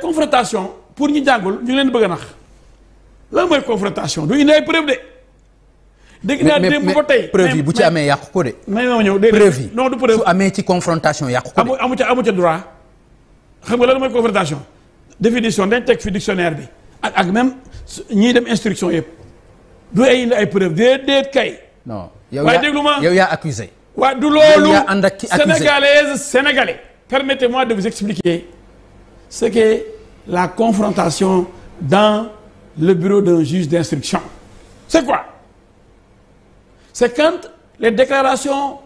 confrontation pour ñu ñu leen bëgg confrontation du preuve de. dégg naa preuve bu ci amé pas non preuve non du confrontation Nous ko de. amu amu droit xam nga confrontation définition d'un texte, dictionnaire même ñi dem instruction yépp du ay ay preuve preuves. kay. non yow des accusé. wa du lolu sénégalaise sénégalais permettez-moi de vous expliquer ce que la confrontation dans le bureau d'un juge d'instruction. C'est quoi C'est quand les déclarations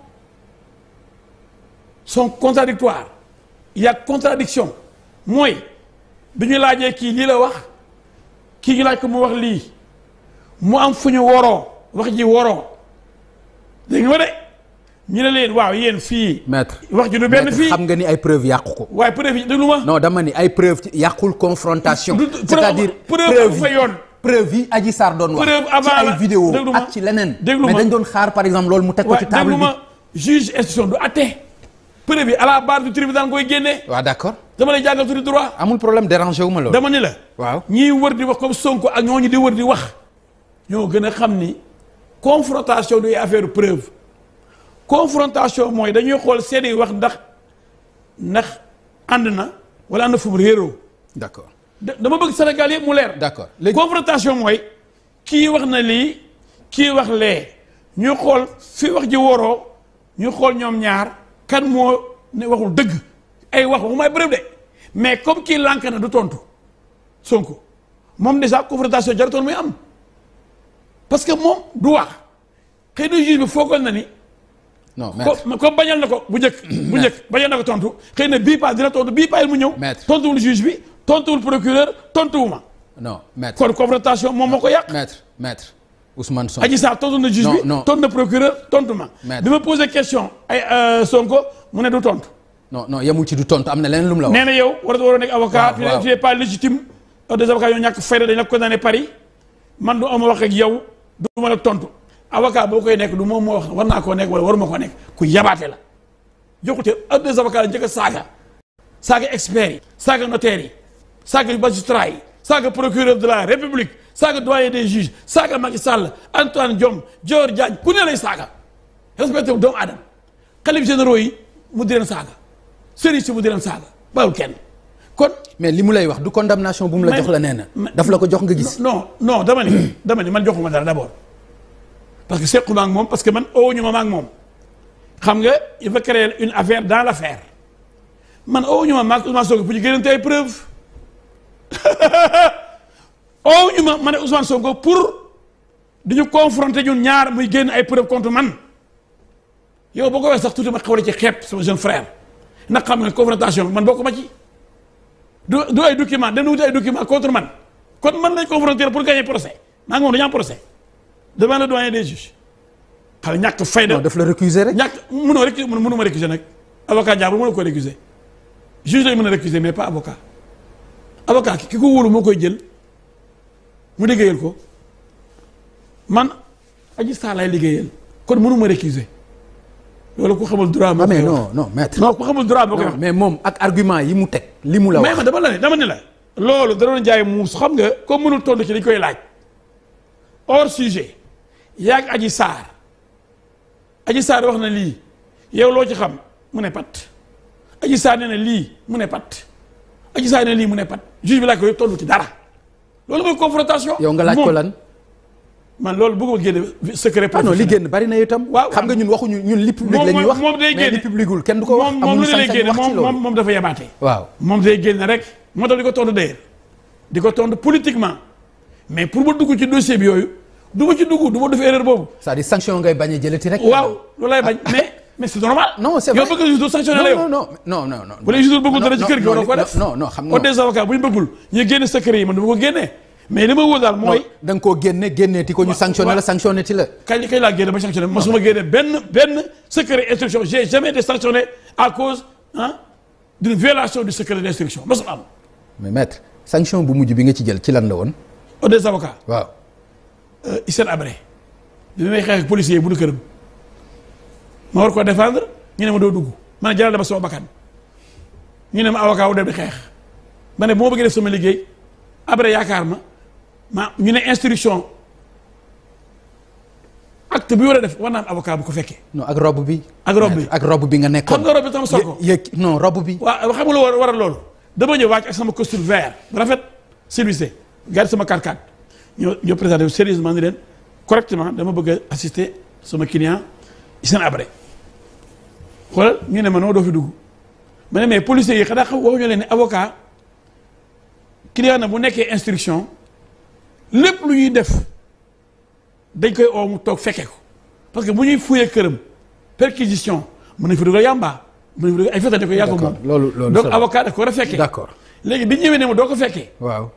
sont contradictoires. Il y a contradiction. Moi, je suis laajee kii lii la wax suis ñu laaj ko mu wax mu am suis woro ñu ne leen waaw yéen fii. maître wax ji du benn fii xam nga ni ay preuve yàqu ko. waaye preuve yi déglu ma. non dama ni ay preuve yàqul confrontation. c'est-à-dire preuve fa yoon. preuve yi Adji Sarr doon wax. preuve avant ci ay vidéo ak ci leneen. mais dañ doon xaar par exemple loolu mu teg ko ci table juge instruction du atte. preuve yi à la barre du tribunal koy génne. waaw d'accord dama lay jàngal tuuti droit. amul problème dérangé wu ma loolu. dama ni la. waaw ñiy wër di wax comme Sonko ak ñooñu di wër di wax. ñoo gën a ni confrontation du affaire preuve confrontation moy dañuy xol seede wax ndax ndax and na wala na fu mu d'accord dama bëgg Sénégal mu leer. d'accord confrontation moy ki wax na li ki wax lé ñu xol fi wax ji woro ñu xol ñom ñaar kan mo ne waxul dëgg ay wax waxuma may bërëb dé mais comme ki lank na du tontu Sonko moom déjà confrontation jarutoon muy am parce que mom du wax xëy na juge bi na ni non comme bañal na ko bu njëkk. bu njëkk bañal na ko tontu xëy na bii paa dina tontu bii paa mu ñëw. maître tontuwul juge bi tontuwul procureur tontuwu non maître kon confrontation moom moo ko yàq. maître maître Ousmane Sonko. Adji Sarr tontu na juge bi tontu na procureur tontu ma. maître bi question ay euh, Sonko mu ne du tontu. non non yemul ci du tontu am na leneen lu mu la wax. nee na yow waratu waroo nekk avocat. waaw waaw pas légitime. des avocats yoo ñàkk fayda dañ la condamné Paris man do am wax ak yow du ma tontu. avocat boo koy nekk du moom moo wax war naa koo nekk wala waruma koo nekk ku yabaate la jokkute un des avocats la njëkk a saaga saaga experts yi saaga notaires yi saaga magistrat yi saaga procureur de la république saaga doyen Antoine Diome Dior Diagne ku ne lay saaga respecté wu doomu aadama xalif yi mu di leen saaga sëriñ si mu di saaga bawul kenn kon. mais li mu lay wax du condamnation bu mu la jox la nee na. la ko jox nga gis. non non dama ni dama man joxuma dara d' parce que sequma ak moom parce que man owuñu ma maag moom xam nga il veut créer une affaire dans l'affaire. man owuñu ma maag Ousmane Sonko pour ñu gënante ay preuve owuñu ma ma ne Ousmane Sonko pour duñu confronter ñun ñaar muy génn ay preuve contre man yow boo ko waxee sax tuuti ma xawle ci xeeb sama jeune frère N'a xam nga confrontation man bokk ma ci du du ay document dañu wuti ay contre man kon man lañ confronter pour gagner procès maa ngi moom dañu am procès devant le doyen des juges a fayda non daf la récuser rek. récuser avocat jàmbur récuser juge il n'y a mais pas avocat avocat ki ko wóolu moo koy jël mu liggéeyal ko man pas kon récuser Je droit ah, non non maître non mais mon argument il mu teg mais ne dama la da jaay comme nous le ci dañ koy hors sujet yaag aji saar aji saar wax na lii yow lo ci xam mu ne pat aji saar nee na lii mu ne pat aji saar nee na lii mu ne pat juge bi la ko yëpp tollu ci dara loolu mooy confrontation. yow nga laaj ko lan. man loolu bëgguma génne secret. ah non li génn bari na itam. xam nga ñun waxuñu ñun li public la wax moom day génne mais li publicul kenn duko wax. amul sañ-sañ wax mom mom dafa yabaate. waaw mom day génne rek. mo tax di ko tontu d'ailleurs di ko politiquement mais pour ma dugg ci dossier bi yoyu ça ci du def erreur que cest dire sanction ngay a jëlati rek. waaw lay ah. mais mais c'est normal. non c'est vrai yo bëgg juste que la non non non non. wala que bëggul dara ci kër gi ko def non non avocats que bëggul que yi man dama ko mais li ma dal moy dang ko nga koo ko ñu la sanctionné ti la. pas ba sanctionné ma suma ben Ben, secret instruction j'ai jamais été sanctionné à cause hein, d'une violation du secret d'instruction ma mais maître sanction bu mujj bi nga ci jël ci lan la des avocats Euh, Hissène Habré bi may xeex ak policier bu nu këram ma war ko défendre ñu ne ma doo dugg ma ne jaral dama sama bakkan ñu ne ma avocat wu dem di xeex ma ne bu ma bëggee def sama liggéey abre yaakaar ma ma ñu ne instruction acte bi war a def war naa am avocat bu ko fekkee. non ak robe bi. ak robe bi ak robe bi nga nekkoon. xam nga robe bi bi. waaw xam nga lu war a loolu dama ñëw ak sama costume vert rafet service gàddu sama 4x4. ñoo ñoo présenté sérieusement ni leen correctement dama bëgg a assister sama client seen abré xoolal ñu ne ma noo doo fi dugg ma ne mais policiers yi xanaa xam ñu leen ne avocat client na bu nekkee instruction lépp lu ñuy def dañ koy oo mu toog fekke ko parce que bu ñuy fuyee këram perquisition mën nañ fa dugal yàmbaa mën nañ fa dugal ay feta ne ko yaa ko moom donc avocat da ko war a fekkee d'accord léegi bi ñëwee ne ma doo ko fekkee waaw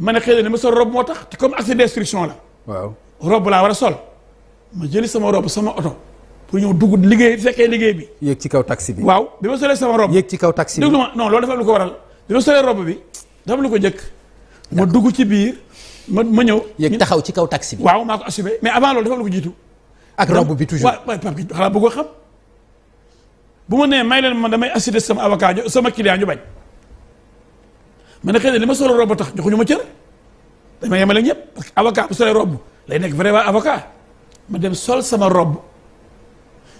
man ne xëy na ma sol robe moo tax te comme accès d'instruction la. waaw robe laa war a sol. ma jëli sama rob sama oto pour ñëw dugg liggéey fekkee liggéey bi. yéeg ci kaw taxi bi. waaw bi ma solee sama rob yéeg ci kaw taxi bi déglu ma non loolu dafa lu ko waral bi ma solee bi dafa lu ko njëkk. ma dugg ci biir ma ma ñëw. yéeg taxaw ci kaw taxi bi. waaw maa ko assumé mais avant loolu dafa am lu ko jiitu. ak robe bi toujours waaw waaye Pape xalaat bëgg ko xam. bu ma nee may leen man damay assister sama avocat sama client ñu bañ. mais nag xëy na li ma solo robb tax joxuñu ma cër dañ ma yemale ñëpp parce que avocat bu solee robb lay nekk vraiment avocat ma dem sol sama robb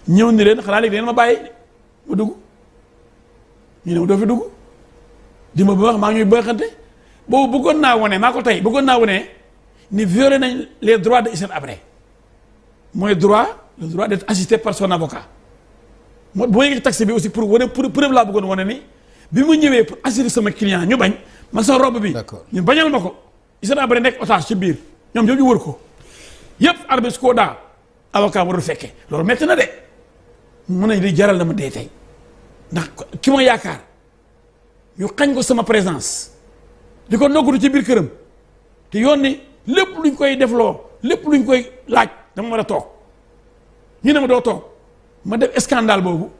ñëw ni leen xanaa léegi leen ma bàyyi ma dugg ñu ne ma doo fi dugg di ma wax maa ngi ñuy bëxante boobu bëggoon naa wane maa ko tey bëggoon naa wane ni violé nañ les droits de Hissène Habré mooy droit le droit d'être assisté par son avocat moo boo yëgee taxi bi aussi pour wane pour preuve laa bëggoon wane ni bi mu ñëwee pour assurer sama client ñu bañ ma sa robe bi. ñu bañal ma ko. ISRA bari nekk otage ci biir ñoom ñoo ñu wër ko yëpp arbis koo daa avocat warul fekke loolu metti na de mun nañ di jaral na ma dee tey ndax ki ma yaakaar ñu xañ ko sama présence di ko noggudu ci biir këram te yoon ni lépp luñ koy defloo lépp luñ koy laaj dama war a toog ñu ne ma doo toog ma def scandale boobu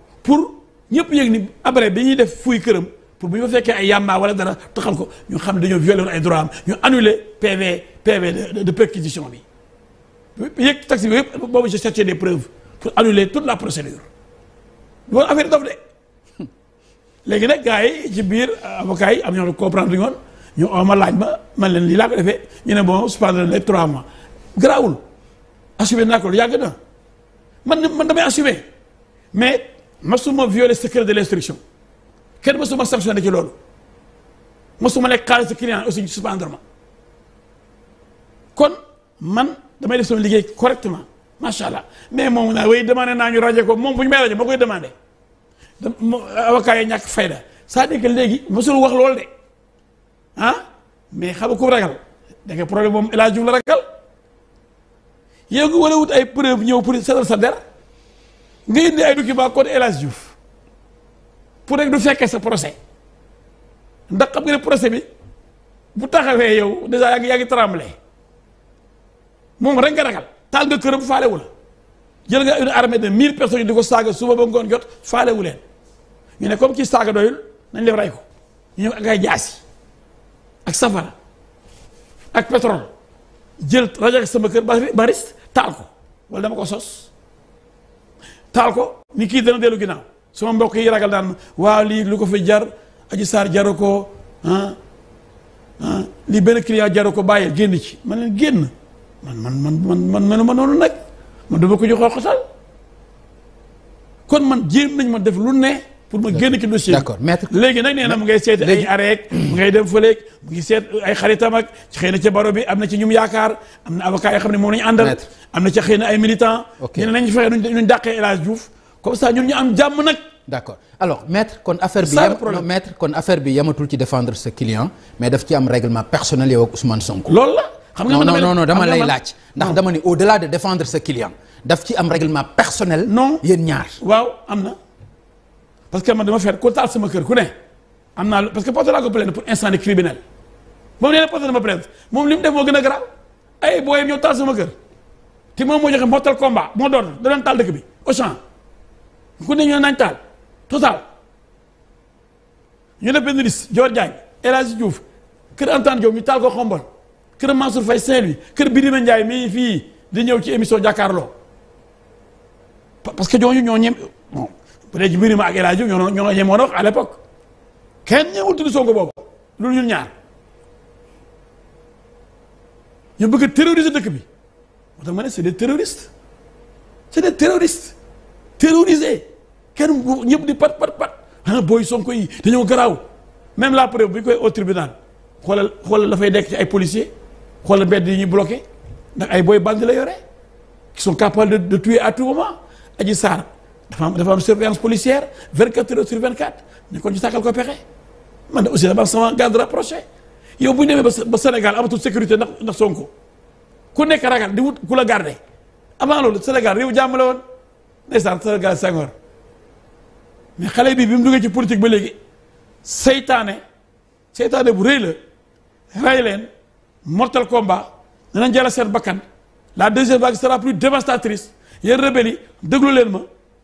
ñëpp yëg ni après bi def fuy pour buñu ay wala dara taxal ko ñu xam dañu violer ay droits ñu annuler PV PV de perquisition bi yëg taxi des je cherchais des preuves pour annuler toute la procédure Bon, affaire dof dé légui nak gars ci biir euh, avocats yi am ñu comprendre ñu ñu oma laaj ma man leen li la ko Ils ñu né bon suspendre les 3 mois grawul assumé nakol yag na man man damay mais masuma violer secret de l'instruction kenn masuma de ci loolu masuma nekk xaalis sa client aussi suspendre ma kon man damay def sama liggéey correctement macha allah mais moom naa way demande naa ñu rajo ko moom bu ñu may rajo moo koy demandé avocat yi ñàkk fay c'est-à-dire que léegi mosul wax loolu de ah? mais xam nga ku ragal da nga problème moom El la ragal yow nga war a wut ay preuve ñëw pour seetal sa der nga indi ay document kon El Hadj pour rek du fekkee sa procès ndax xam nga ne procès bi bu taxawee yow dèjà yaa ngi yaa ngi tremblé moom rek nga ragal taal nga këram faalewu la jël nga une armée de mille personnes di ko saaga suba ba ngoon jot faalewu leen ñu ne comme ci saaga doyul nañ leen rey ko ñu ñëw ak ay jaasi ak safara ak pétrole jël rajo sama kër ba baris taal ko wala dama ko sos taal ko ni kii dana dellu ginnaaw sama mbokk yi ragal daan waaw lii lu ko fi jar aji saar jaru ko li ah, ah lii benn client jaru ko bàyyi génn ci ma leen génn man man man man man ma noonu nag man dama ko jox xoxatal kon man jéem nañ ma def lu ne pour ma génn ci dossier d'accord maître léegi nag nee na mu ngay seet ay areeg mu ngay dem fëleeg mu ngi seet ay xaritam ak ci xëy na ca baro bi am ci ñum yaakaar am avocat yoo xam ne moom lañu àndal am na ca xëy na ay militant ñu ne nañ fexe nuñ dàqee El Hadj Diouf comme ça ñun ñu am jàmm nag d'accord alors maître kon affaire bi yam maître kon affaire bi yamatul ci défendre ce client mais daf ci am règlement personnel yow ak Ousmane Sonko loolu la xam nga non non non dama lay laaj ndax dama ni au delà de défendre ce client daf ci am règlement personnel non yéen ñaar waaw am na parce que man dama feet ko taal sama kër ku ne am naa parce que porté naa ko plainte pour incendie criminel moom nee na porté na ma plainte moom li mu def moo gën a garaaw ay booyam ñëw taal sama kër te moom moo joxe mortal combat moo doon da doon taal dëkk bi au champ ku ne ñu nañ taal total ñu ne benn liste Dior Diagne El Hadji Diouf kër Antoine Diop ñu taal ko xombol kër Mansour Faye Saint-Louis kër Birima Ndiaye mii fii di ñëw ci émission jàkkaarloo parce que ñooñu ñoo ñem bon bu dee ci mbir ma ak El Hadj ñoo ñoo ñemoon wax à l'époque kenn ñëwul tudd Sonko boobu loolu ñun ñaar ñu bëgg a dëkk bi moo tax ma ne c'est des terroristes c'est des terroristes terrorisés kenn ñëpp di pat pat pat ah booy Sonko yi dañoo garaaw même la preuve bu ñu koy au tribunal xoolal xoolal dafay nekk ci ay policiers xoolal mbedd yi ñuy bloqué ndax ay booy bandi la yore qui sont de de tuer à tout aj Adji dafa am dafa am surveillance policière 24 heures sur 24 ne kon ñu sàkkal ko pexe man de aussi dama sama garde rapproché yow bu ñu demee ba Sénégal amatul sécurité ndax ndax Sonko ku nekk ragal di wut ku la garde avant loolu Sénégal réew jàmm la woon ndeysaan mais xale bi bi mu duggee ci politique ba léegi seytaane seytaane bu rëy la rey leen mortal combat danañ jëla seen bakkan la deuxième vague sera plus dévastatrice yéen rebelles yi déglu leen ma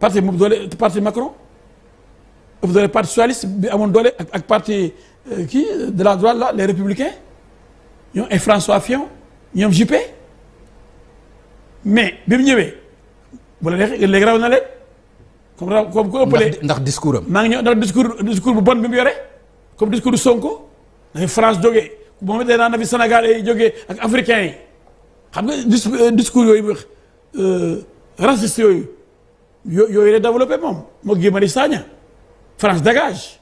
parti bu doole parti Macron ëpp doole parti socialiste bi amoon doole ak parti euh, qui de la droite là les républicains ñoom François Fillon ñoom JP mais bim ñëwé wala bu la na leen. comme comme ko ëppalee ndax discours am. ngi ndax discours discours bu bon bim yoré comme discours du Sonko dafay France jógee moom it day na fi Sénégalais yi ak africains xam nga euh, discours yoy euh raciste yooyu yo yo la développé mom mo Guy France dégage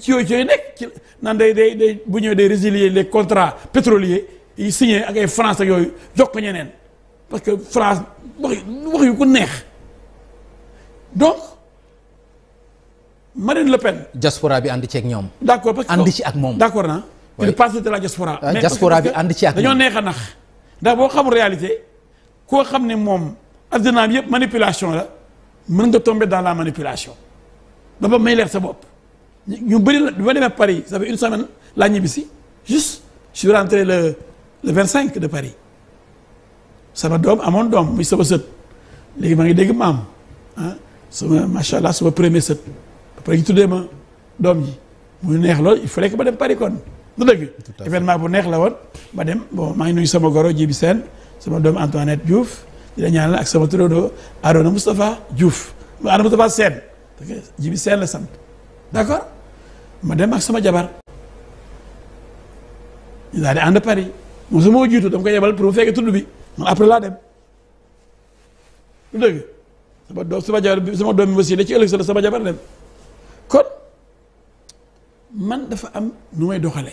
ci yo cooy nekk ci naan day day day bu ñëwee résilier les contrats pétroliers il signé ak ay France ak yooyu jox ko ñeneen parce que France wax wax yu ko neex donc Marine Le Pen. diaspora bi and ci ak ñom d'accord parce que ànd ci ak moom d' hein? il passe de la diaspora. Ah, mais diaspora bi and ci ak dañu neex a nax ndax boo xamul réalité ko xam mom moom addinaam yëpp manipulation la mën nga tomber dans la manipulation ba may leer sa bopp ñu bëri la bi ma demee Paris ça fait une semaine laa ñibbisi juste je suis rentré le le 25 de Paris sama doom amoon doom muy sama sët léegi ma ngi dégg maam ah sama macha allah sama premier sët après ñu tuddee ma doom ji muy neex lool il fallait que ba dem Paris kon du dëgg. événement bu neex la woon ba dem bon maa ngi nuyu sama goro Jibi Sène sama doom Antoinette Diouf. dina nyala ak sama do Arona Mustafa, Diouf ma Arona mustafa sen jibi sen la sant d'accord ma dem ak sama jabar ila di ànd Paris mo jabal jitu jiitu dama koy yebal pour fekk tuddu bi man après la dem du sama do sama jabar bi sama doom bi aussi da ci sama jabar dem kon man dafa am numay doxale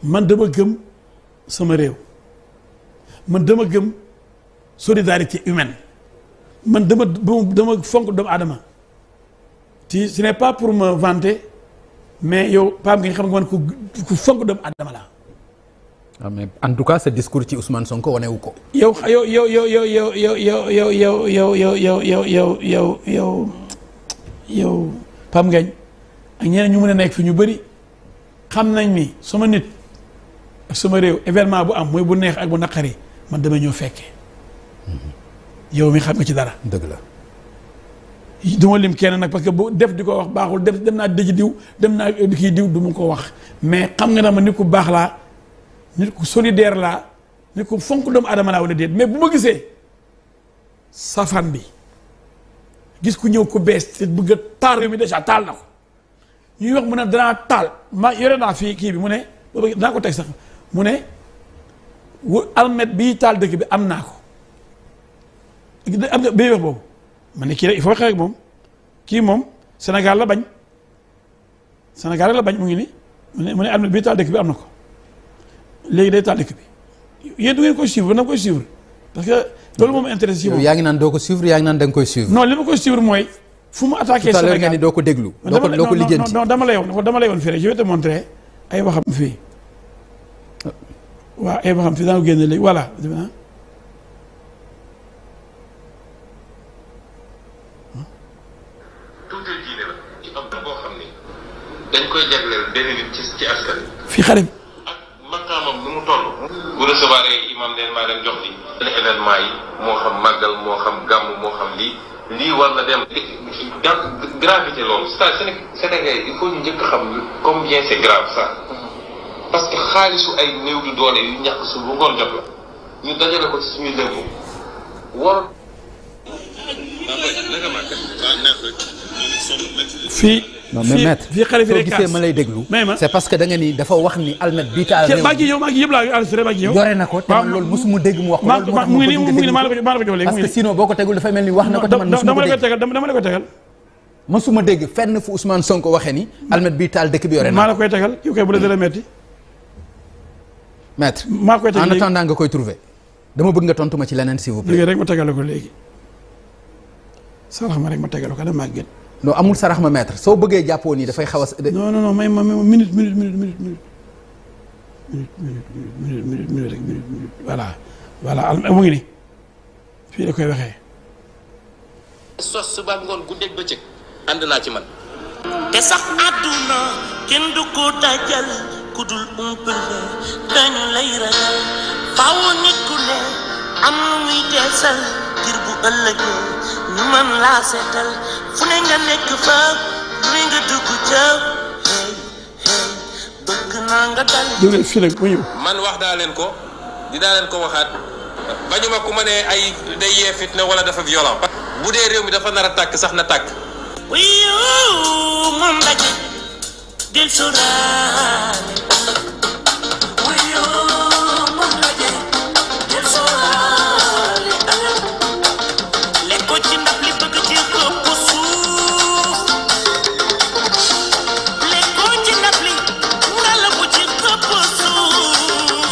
Mandemagum man dama gem sama rew man dama gem solidarité humaine man dama ce n'est pas pour me vanter mais yo pas xam en tout cas ce discours ci Ousmane Sonko est yo yo yo yo yo yo yo yo yo yo yo événement yow mi xam nga ci dara. dëgg la. du ma lim kenn nag parce que bu def di ko wax baaxul def dem naa dëj diw dem naa kii diw du ma ko wax mais xam nga dama nit ku baax laa nit ku solidaire laa nit ku fonk doomu aadama laa wala déet mais bu ma gisee safaan bi gis ku ñëw ku bees te bëgg a taal réew mi déjà taal na ko ñuy wax mu ne danaa taal ma yore naa fii kii bi mu ne danaa ko teg sax mu ne wu almet bii taal dëkk bi am naa ko. am na béy wax boobu ma ne kii rek il faut xeex moom kii moom Sénégal la bañ Sénégal rek la bañ mu ngi ni mu ne mu ne am na bii taal dëkk bi am na ko léegi day taal dëkk bi yéen du ngeen koy suivre na nga que loolu moom intéressé si moom. yaa ngi naan doo ko yaa ngi da nga koy suivre. non li ma mooy. fu mu doo ko déglu. doo ko doo ko lijjanti non dama lay woon dama lay woon ay waxam fii ah. waaw ay waxam génne léegi voilà. dañ koy jagleel benn nit ci ci askan. fii xale bi. nu mu toll. bu recevoir imam neen maa dem jox li événement yi moo xam màggal moo xam gàmm moo xam lii lii war na dem. gravité loolu c'est-à-dire Sénégal il faut ñu njëkk xam combien c'est grave ça. parce que xaalisu ay néew du doole yu ñàkk su bu ngoon la ñu dajale ko ci suñuy dënku war. fii. non mais maître fii xale fi soo gisee ma lay déglu. c'est parce que da nga ni dafa wax ni almet bii taal réew. maa ngi ñëw maa ngi yëpp man loolu mosuma dégg mu wax. loolu moo ko ni wax na ko te man mosuma ko dégg dama la koy tegal mosuma dégg fenn waxee ni almet bii taal dëkk bi yore na maa la koy tegal kii koy bu la dara metti maa koy tegal en attendant nga koy trouver dama bëgg nga tontu ci leneen s'il vous plaît léegi rek ma tegal ko léegi salaamaaleykum ma tegal non amul sarax ma maître soo bëggee jàppoo nii dafay xaw a. non may ma minute minute minute minute minute minute minute minute rek minute ngi ni fii la koy waxee. sos suba ngoon guddeeg bëccëg ànd naa ci man. te sax àdduna kenn du ko dajal ku dul umpale dañu lay ragal faaw nit ku ne am muy teesal ngir bu ëllëgee. man mën laa seetal fu ne nga nekk fa fu ne nga dugg jëw hey naa nga dal jóge man wax daa leen ko dinaa leen ko waxaat bañu ma ku ma ne ay day yee fitna wala dafa violent bu dee réew mi dafa nar a tàkk sax na tàkk moom daje del suraale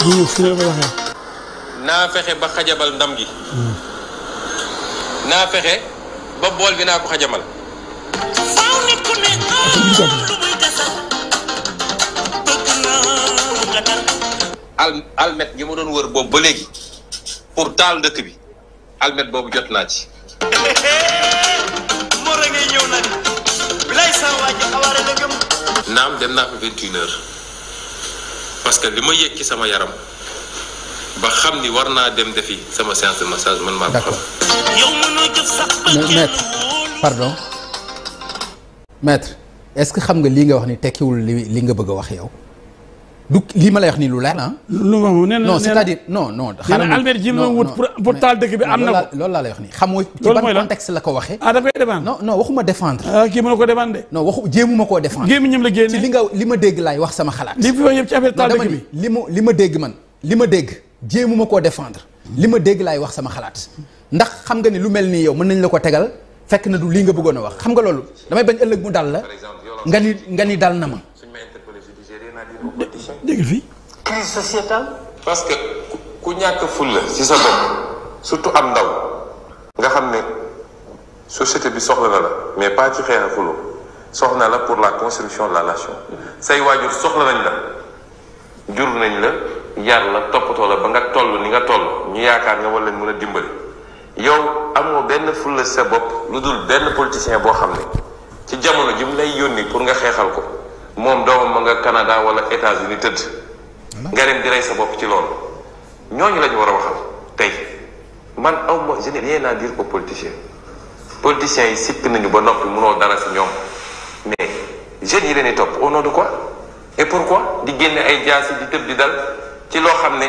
ñu fi la ko waxee. naa fexe ba xajabal ndam gi. naa fexe ba bool bi naa ko xajamal. almet gi ma doon wër boobu ba léegi pour taal dëkk bi almet boobu jot naa ci. naam dem naa fa vingt et une parce que li ma yëg ci sama yaram ba xam ni war naa dem defi sama séance de massage man maa ko xam. d'accord maître pardon maître est-ce que xam nga lii nga wax ni tekkiwul li li nga bëgg a wax yow. du lii ma lay wax nii lu leer ah. lu ma nee na non c'est-à-dire non non. xaaral Albert Jim la wut pour taal dëkk bi am na ko. loolu laa lay wax nii xam nga ci ban contexte la ko waxee. ah da koy défendre. non non waxuma défendre. ah kii mën na ko défendre. non waxu jéemuma koo défendre. géem ñoom la génne ci li nga li ma dégg laay wax sama xalaat. li fi wax yëpp ci affaire taal dëkk bi li ma li ma dégg man. li ma dégg jéemuma koo défendre. li ma dégg laay wax sama xalaat. ndax xam nga ni lu mel nii yow mën nañ la ko tegal fekk na du lii nga bëggoon a wax xam nga loolu damay bañ ëllëg mu dal la nga ni nga ni dal na ma dégg crise sociétale. parce que ku ñàkk fulla ci sa bopp surtout amdaou ndaw nga société bi soxla na la mais pas ci xeex a fulo soxna la pour la construction de la nation say waajur soxla nañ la jur nañ la yar la toppatoo la ba nga toll ni nga toll ñu yaakaar nga war leen mën a dimbali yow amo benn fulla sa bopp lu dul benn politicien bo xam ci jamono ji mu lay pour nga xeexal ko moom doomam ma nga Canada wala États-Unis tëdd nga dem di rey sa bopp ci loolu ñooñu lañu war a waxal tey man aw ma je n'ai rien à dire aux politiciens yi sikk nañu ba noppi mënoo dara si ñoom mais jeunes yi leen di topp au nom de quoi et pourquoi di génne ay jaasi di tëb di dal ci loo xam ne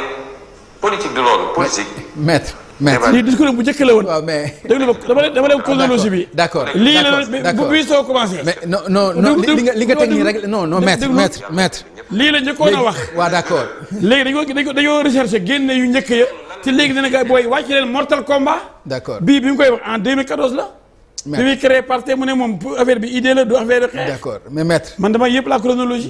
politique du loolu politique maître mais lii discours bu njëkk la woon. mais ma dama leen dama leen chronologie bi. d' accord lii la bu bii soo commencé. mais non non non li nga teg nii rek non non maître maître lii la njëkkoon a wax. waaw d' léegi dañoo dañoo dañoo génne yu njëkk ya ci léegi dina koy booy wàcc leen Mortal Kombat. d' accord bii bi mu koy wax en 2014 la. maître bi muy créé mu ne moom affaire bi idée la du affaire xeex. d' mais maître. man dama yëpp la chronologie.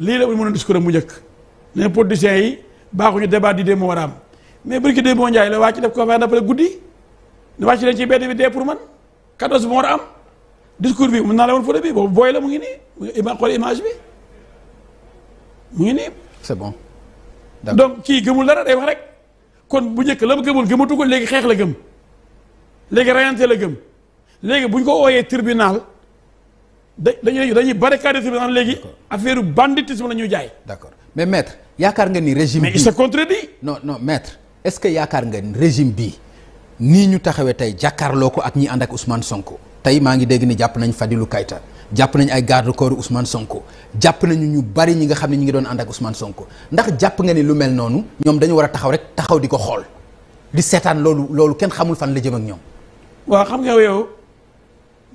lila la bu ñu mu ne politiciens yi ñu débat di dee waram mais bërki dee moo njaay la wacc def na d'après guddi ne wacc leen ci bedd bi dé pour man kados mo am discours bi mun naa la won fodé bi bo boy la mu ngi ni ima xol image bi mu ngi ni c'est bon. donc ki gëmul dara day wax rek kon bu ñëk la gëmul gëmatu ko légui xex la gëm légui rayanté la gëm légui buñ ko oyé tribunal. da dañuy dañuy barricade si maanaam léegi affaire banditisme la ñuy jaay. d'accord mais maître yaakaar nga ni régime bi mais il se contredit. non non maître que yaakaar nga ni régime bi nii ñu taxawee tey jàkkaarloo ko ak ñii ànd ak Ousmane Sonko tey maa ngi dégg ni jàpp nañ Fadilou Keïta jàpp nañ ay garde corps Ousmane Sonko jàpp nañu ñu bari ñi nga xam ne ñi ngi doon ànd ak Ousmane Sonko ndax jàpp nga ni lu mel noonu. ñoom dañu war a taxaw rek taxaw di ko xool di seetaan loolu loolu kenn xamul fan la jëm ak ñoom. waaw xam nga yow.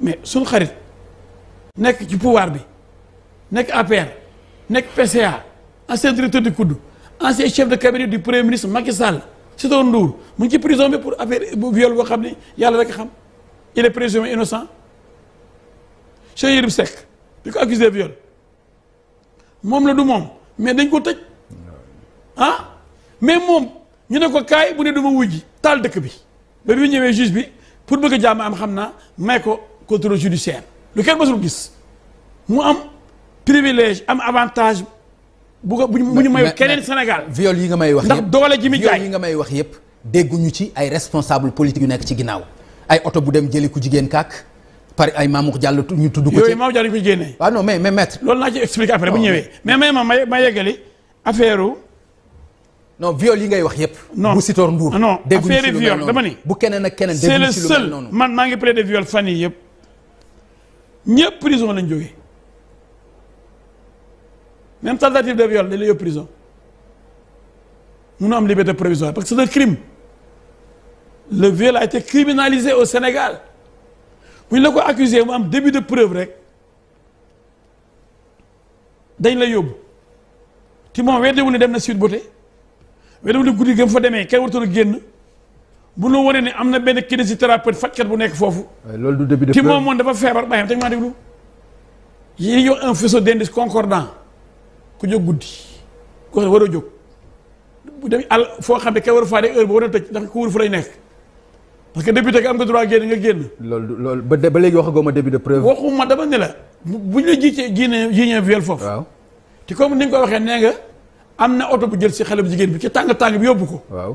mais son xarit nek du pouvoir bi nek APR nek PCA ancien directeur du Koudou, ancien chef de cabinet du premier ministre Macky Sall est Ndour pour affaire viol il est présumé innocent chez Yérim Seck il est accusé viol moom la mais est ko ah mais mom ñu ne ko wujji tal bi pour bëgg am mais contrôle judiciaire lu kenn mësul gis mu am privilège Um avantage bu ko bu ñu mayu keneen Sénégal. viol yi nga may wax yëpp ndax doole ji mi jaay viol yi nga may wax yëpp dégguñu ci ay responsable politique yu nekk ci ginnaaw ay oto bu dem jëli ku jigéen kàkk par ay Mamour Diallo ñu tudd ko ci yooyu Mamour Diallo ñu génnee. waaw ah non mais mais maître. loolu naa ci expliqué après bu ñëwee mais mais man maa ngi plaider viol fan nié prison lañ jógee même tentative de viol dañ la prison nous avons liberté provisoire parce que c'est un crime le viol a été criminalisé au Sénégal vous ñu accuser vous accusé moi début de preuve rek dañ la yob ti moom weddiwul ni dem na sud Beauté weddiwul ni goudi gëm fa démé kay bu loo wane ne am na benn kinésithérapeute fajkat bu nekk foofu. loolu du début de ki moom moom dafa feebar bàyyi ma teg maa déglu. yi yow un faisceau d'indices concordant ku jóg guddi ku war a jóg bu dem àll foo xam ne ka war a faa boo a tëj ndax ku wër fu nekk. parce que député nga am nga droit génn nga génn. loolu loolu ba ba léegi waxagoo ma début de preuve. waxuma dama ne bu ñu la jiitee jiinee jiinee viol foofu. waaw te ni nga ko waxee nee nga am na oto bu jël si xale bu jigéen bi ci tàng tàng bi yóbbu ko. waaw.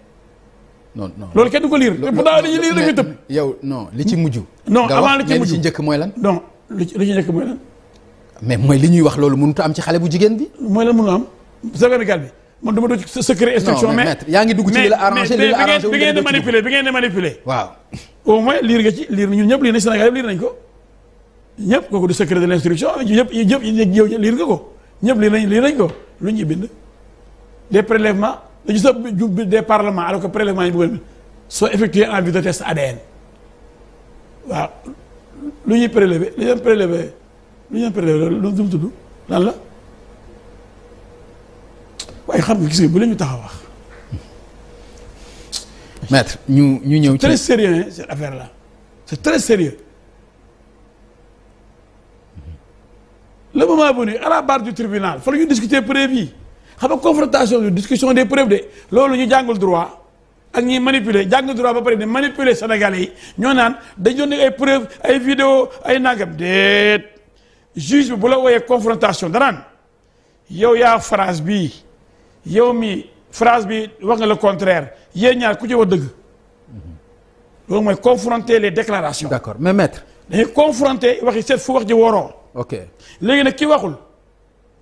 non non loolu kenn du ko liir pourtant dañuy liir dañuy tëb. yow non li ci mujj. non avant li ci mujj li ci njëkk mooy lan. non li ci njëkk mooy lan. mais mooy li ñuy wax loolu mënut a am ci xale bu jigéen bi. mooy lan mënut a am secret médical bi man dama ngi dugg ci li la arrangé li la arrangé bi ngeen di manipuler bi ngeen di manipuler. waaw au moins liir nga ci liir ñun ñëpp liir nañ Sénégal yëpp liir nañ ko. ñëpp kooku du secret l' instruction ñëpp ñëpp yow liir nga ko nañ ko lu ñuy bind des prélèvements Nous sommes des parlements alors que prélèvement est effectué en vue de test ADN Lui prélevé maître très sérieux hein cette affaire là c'est très sérieux le moment venu à la barre du tribunal faut que nous discuter prévu xam confrontation discussion des preuves de loolu ñu jàngul droit ak ñuy manipuler jàng droit ba pare ne manipuler sénégalais yi ñoo naan dañ doon ay preuve ay vidéo ay nangam déet juge bi bu la wooyee confrontation danaan yow yaa phrase bii yow mi phrase bi wax nga le contraire yéen ñaar ku ci wax dëgg loolu mooy confronter les déclarations. d'accord mais maître. dañuy confronter waxi cette fu wax ji woroo. ok léegi nag ki waxul.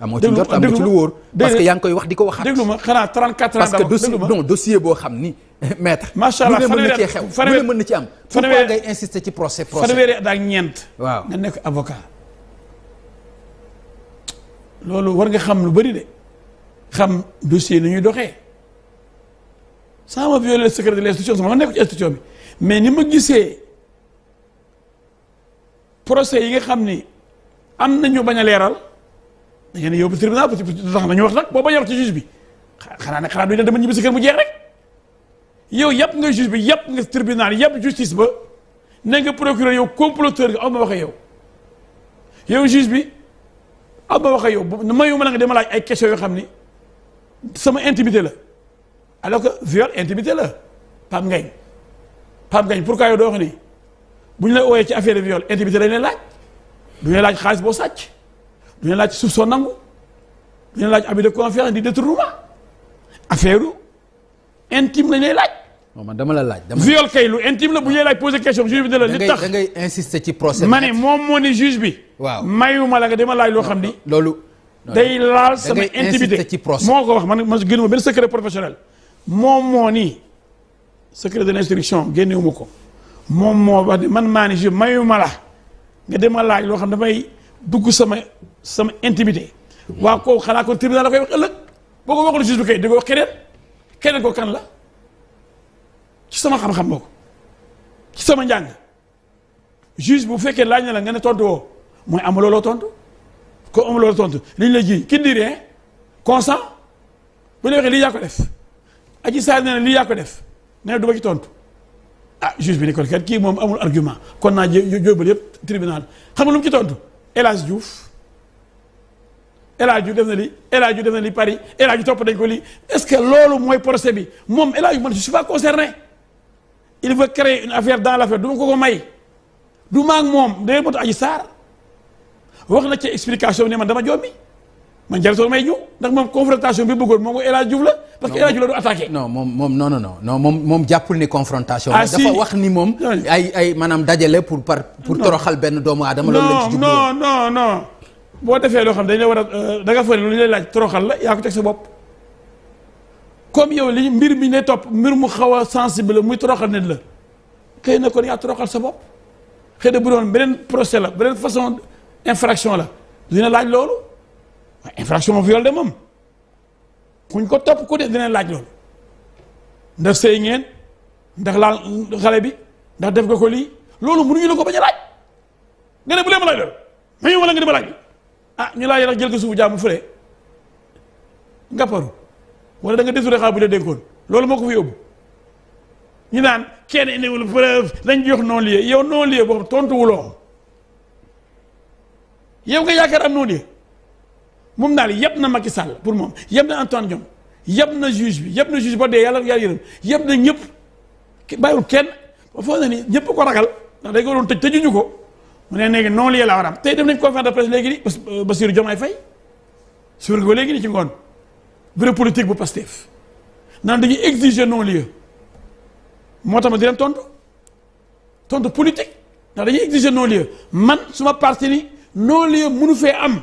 amoo ci njort amoo ci lu wóor parce yaa ngi koy di ko waxaat déglu ma xanaa 34 ans parce que dossier non dossier boo xam ni maître macha allah lu ne mën na ci am pourquoi ngay insister ci procès procès fanweeri at ak ñeent waaw nga nekk avocat loolu war nga xam lu bëri de xam dossier ni ñuy doxee sama violé le secret de l'institution sama nekk ci institution bi mais ni ma gisee procès yi nga xam ni am nañu bañ a leeral da ngeen yóbbu tribunal parce que tax nañu wax nag a wax ci juge bi xanaa ne xanaa duñ ne dama ñibbi si kër mu jeex rek yow yàpp nga juge bi yàpp nga tribunal yàpp justice ba na nga procureur yow comploteur nga aw ma wax ak yow yow juge bi am ma wax ak yow mayu ma la nga dama laaj ay question yoo xam ni sama intimité la alors que viol intimité la Pape Ngagne Pape Ngagne pourquoi yow doo wax ni bu ñu la ooyee ci affaire viol intimité lañ lay laaj du ñu laaj xaalis boo sàcc du là, laaj suuf soo nangu du laaj de confiance di détournement affaire intime lañ lay laaj. man dama la laaj. dama viol kay lu intime la bu ñuy laaj poser question juge bi ne la. li tax da ngay insister ci procès ma ne moom moo ne juge bi. waaw mayuma la nga dama laaj loo xam ni. loolu day laal sama intimité moo ko wax man man secret professionnel. moom moo ni secret de l'instruction génnewuma ko moom moo wax man maa ni juge mayuma la nga dama laaj loo xam damay. dugg sama sama intimité waa kooku xanaa kon tribunal la koy wax ëllëg boo ko waxul juge bi kay di ko wax keneen ko kan la ci sama xam-xam boo ko ci sama njàng juge bu fekkee laaj na la nga ne tontu woo mooy amuloo loo tontu ko amuloo loo tontu liñ la ji ki diree constant bu ñu waxee lii yaa ko def aji saar nee lii yaa ko def nee na du ci tontu ah juge bi ne kon kat kii moom amul argument kon naa jé jóobal yépp tribunal xam nga lu ci tontu. El Hadj Diouf El Hadj Diouf def na lii El Diouf def Paris El Hadj Diouf topp nañ ko est-ce que loolu pour procès bi moom El Diouf man je suis pas concerné il veut créer une affaire dans l'affaire Donc ma ko may du maag mom, dangeen moto Adji Sarr wax na ci explication ne man dama jommi man Jalsoor may ju ndax moom confrontation bi bëggoon moom El Hadj Diouf la parce que El Hadj Diouf la du attaqué. non moom moom non moom moom jàppul ni confrontation. ah dafa wax ni moom. ay ay maanaam dajale pour par pour toroxal benn doomu aadama. loolu lañ ci no non non non. boo defee loo xam dañ la war a euh, da nga foog ne ñu lay laaj toroxal la yaa ko teg sa bopp comme yow li ñu mbir mi ne topp mbir mu xaw a sensible muy toroxal nit la xëy na kon yaa toroxal sa bopp xëy bu doon beneen procès la beneen façon infraction la dina laaj loolu. infraction viol de moom kuñ ko topp ku def dina laaj loolu ndax sëy ngeen ndax laal xale bi ndax def nga ko lii loolu mënuñu la ko bañ a laaj nga ne bu leen ma laaj wala nga di ma bi ah ñu laaj rek jël ko suufu jaamu fële nga paru wala da nga détourné xaalis bu dee dénkoon loolu moo ko fi yóbbu ñu naan kenn indiwul preuve dañ jox non lieu yow non lieu boo xam yow nga yaakaar am non lieu moom dal yëpp na Macky Sall pour mom yëpp na Antoine Diom yëpp na juge bi yëpp na juge ba dee yalla yàlla yërëm yëpp na ñëpp bàyyiwul kenn foo na ni ñëpp ko ragal da dañ ko doon tëj tëjuñu ko mu ne léegi non lii la waram tay dem tey def nañ conférence de presse léegi nii Bassirou Diomaye Faye suur ko léegi nii ci ngone bureau politique bu Pastef nan dañuy exiger non lieu moo tax ma di leen tontu tontu politique ndax dañuy exiger non lieu man suma parti ni non lieu mënu fee am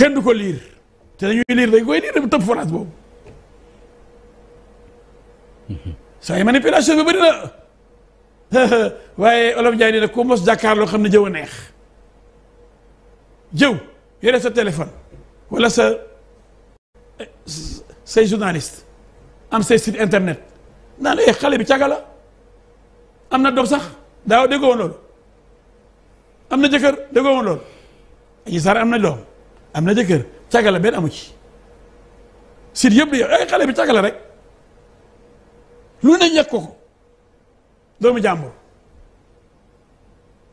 كان دو كولير تانيو يلير داي كولير بتب فرات بو ساي مانيبيلاسيون بو بيرنا واي ولا بجاني دا كوموس داكار لو خامني جيو نيه جيو يلا سا تليفون ولا سا سي جورناليست ام سي سيت انترنت نان اي خالي بي تياغالا امنا دوب صاح داو ديغو لول امنا جيكر ديغو لول اي سار امنا دوب am na jëkkër cagale benn amu ci sit yëpp di ay eh, xale bi cagale rek lu ne yëg ko ko doomu jàmbur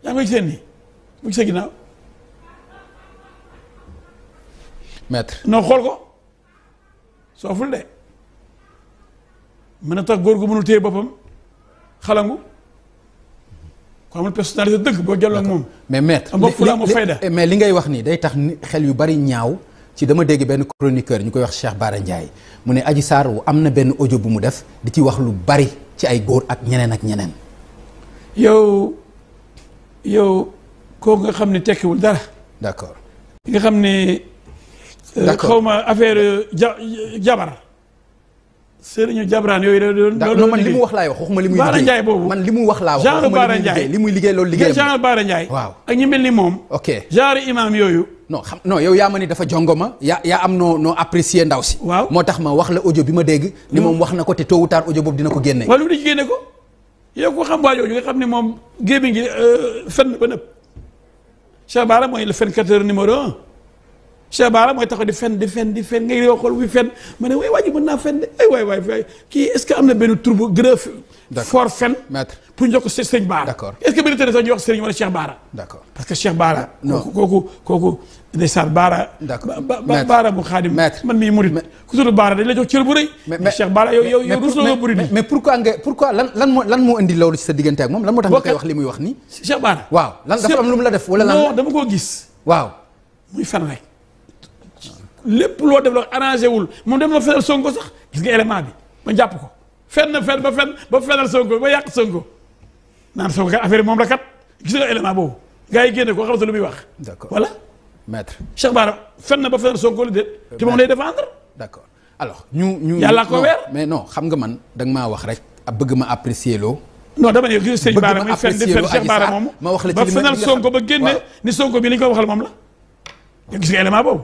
yaa ngi koy seen ni mu gisee ginnaaw maître non xool ko sooful de mën a tax góor gu mënul téye boppam xalangu amul personnalité dëgg boo jëloon moom. mais maître mais li ngay wax nii day tax xel yu bari ñaaw ci dama dégg benn chroniqueur ñu koy wax Cheikh Bara Ndiaye mu ne Adji Sarr am na benn audio bu mu def di ci wax lu bari ci ay góor ak ñeneen ak ñeneen. yow yow kooku nga xam ne tekkiwul dara. d'accord nga xam ne. Euh, d'accord xaw ma affaire euh, ja jabar. sëriñu Jabraan yooyu da doon loolu man li mu wax laay wax waxuma li muy liggéey Baara Ndiaye boobu man li mu wax laa wax genre Baara Ndiaye li muy liggéey loolu liggéey waaw ak ñi mel ni moom ok genre imam yooyu non xam no yow yaa ma ni dafa jongo ma yaa am noo no apprécier ndaw si waaw moo tax ma wax la audio bi ma dégg ni mm. moom wax na ko te tôt ou tard boobu dina ko génne wala lu di génne ko yow ko xam waa jooju nga xam ne moom gémmiñ gi euh, fenn ba nëpp Cheikh Baara mooy le fenkateur numéro un Cheikh bala moy taxo di fen di fen di fen ngay yoo xool wuy fen mané way waji mën na fen ay way way ki est ce que amna ben benn greuf bu gën maître pour ñoko jox ko sëñ d'accord est ce que benn tane sax ñu wax sëriñ wala Cheikh bala d'accord parce que Cheikh bala koku koku kooku ndeysaan Bara Bara mu xaadim man mi mouride ku tudd Bara dañ la jox cër bu reuy mais Cheikh bala yow yow yow rusloo yow murit mais pourquoi nga pourquoi lan lan mo lan moo indi loolu ci sa diggante ak mom lan mo tax nga wax limuy wax ni Cheikh bala waaw lan dafa am lu mu la def wala lan non dama ko gis waaw muy fen rek lepp lo def la arrangé wul mo dem na fenal Sonko sax gis nga élément bi ma japp ko fen na fen ba fen ba fenal Sonko ba yak Sonko nan Sonko affaire mom la kat gis nga élément boobu gars yi ko xam lu muy wax. d'accord voilà. maître Cheikh Bara fen na ba fenal Sonko le déet. ci mo lay défendre. d'accord alors ñu ñu. yalla ko weer mais non xam nga man da ma wax rek bëgg ma apprécier lo non dama ne gis sëñ Bara muy fen di fen Cheikh Bara mom ma wax la ci ba fenal Sonko ba génné ni Sonko bi li ko waxal mom la gis nga élément boobu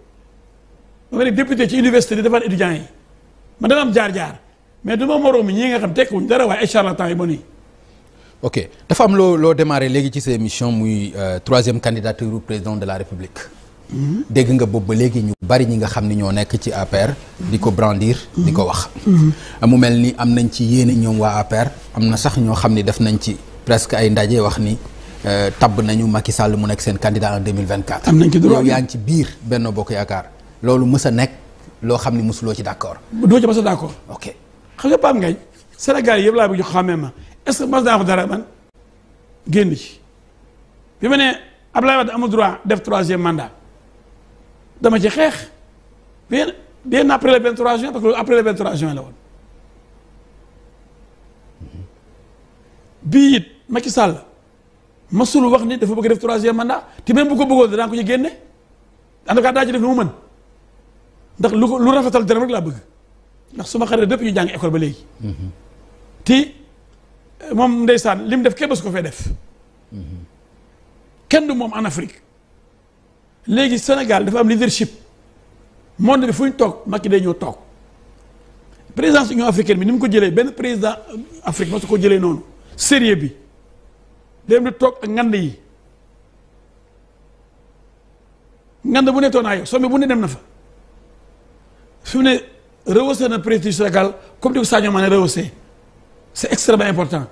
ma ne député ci université di defar étudiants yi man dama am jaar-jaar mais du ma moroom ñi nga xam tekkuñ dara waaye ay charlatan yi bon yi. ok dafa am loo loo démarré léegi ci sa émission muy euh, troisième candidature du président de la république. Mm-hmm. dégg nga boobu ba léegi ñu bari ñi nga xam ni ñoo nekk ci APR. di ko brandir. di ko wax. Mm-hmm. mu mel ni am nañ ci yéene ñoom waa APR am na sax ñoo xam ni def nañ ci presque ay ndaje wax ni euh, tabb nañu Macky Sall mu nekk seen candidat en 2024. am nañ ci droit yow yaa ci biir Benno Bokk Yaakaar. loolu mësa nekk loo xam ni mësuloo ci d' accord. doo ci mës a d' accord. ok xam nga am Ngagne Sénégal yëpp laa bëgg ñu xamee ma est ce que mas naa fa dara man génn ci bi ma ne Abdoulaye Wade amul droit def troisième mandat dama ci xeex bien bien après le 23 juin parce que après le 23 juin la woon bii it Macky Sall masul wax ni dafa bëgg def troisième mandat te même bu ko bëggoon danaa ko ci génne en tout cas daa ci def lu mu mën. ndax lu ko lu rafetal dërëm rek laa bëgg ndax su ma xaree dëpp ñu jàng école ba léegi ti moom ndeysaan li mu def kenn su ko fee def kenn du moom en Afrique léegi Sénégal dafa am leadership monde bi fu ñu toog Macky day ñëw toog président présidence union africaine bi ni mu ko jëlee benn président Afrique ma su ko jëlee noonu sérieux bi dem di toog ak ngand yi ngand bu ne toon naa yow sommet bu ne dem na fa fi mu rehausser na prestige Sénégal comme dit ko Sadio Mané rehausser extrêmement important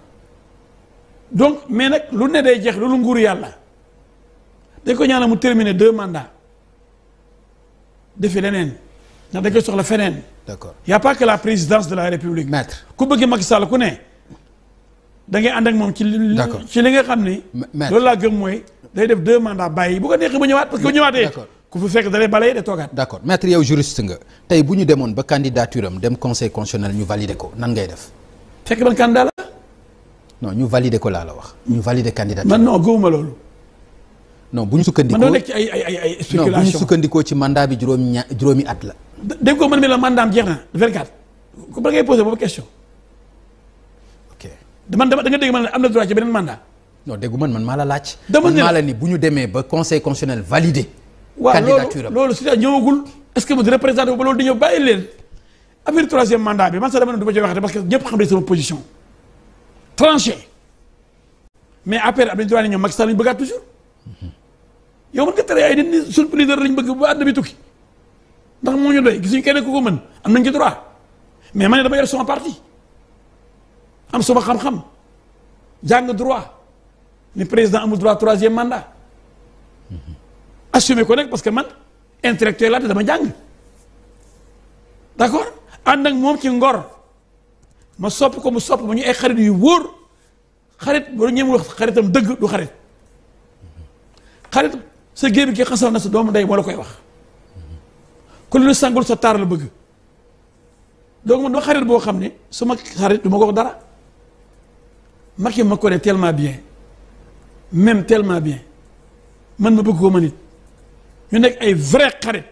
donc mais nak, lu ne day jeex lu nguuru yalla. dañ ko ñaanal mu terminer deux mandats defi lenen. Nak dañ koy soxla fenen. D'accord. Il y' a pas que la présidence de la république. maître ku bëgg Macky Sall ku ne da ngay and ak mom ci ci li nga xamni. ni. loolu gëm moy day def deux mandats bayyi. bu ko neexee bu ñëwaat parce que bu ku fi da de maître yow juriste nga demande candidature conseil constitutionnel nous valider ko nan ngay def. candidat non nous valider ko la wax. valider candidature Mais non gëwuma loolu. non bu pas. sukkandikoo man ne ci ay ay spéculation non mandat bi at la. dégg man mi la mandat 24. ok man dama man droit ci mandat. non déggu man man ne ni nous conseil constitutionnel validé. candidature am waaw loolu loolu si ñëwagul est-ce que mu di représenté ba loolu di ñëw bàyyi leen affaire troisième mandat bi man sax dama ne du ma ci waxate parce que ñëpp xam nañ sama position tranché mais après am nañ droit ne ñoom Macky Sall lañ bëggaat toujours yow mën nga tere ay nit ñi suñu leader lañ bëgg ba àdduna bi tukki ndax moo ñu doy gisuñu kenn ku ko mën am nañ ci droit mais man ne ma yor sama parti am sama xam-xam jàng droit ni président amul droit troisième mandat. assumer ko nek parce que man intellectuel la dama jang d'accord and masop ak mom ci ngor ma sop ko mu sop ma ñu ay xarit yu wóor xarit boo ñëwee wax xaritam deug du xarit xarit sa géeb gi xassal na sa doom ndey wala koy wax ku lu sangul sa tar la bëgg dogu mo xarit bo xamne suma xarit du ma ko wax dara Macky ma tellement bien même tellement bien man ma bëgg ko manit ñu nekk ay vrai xarit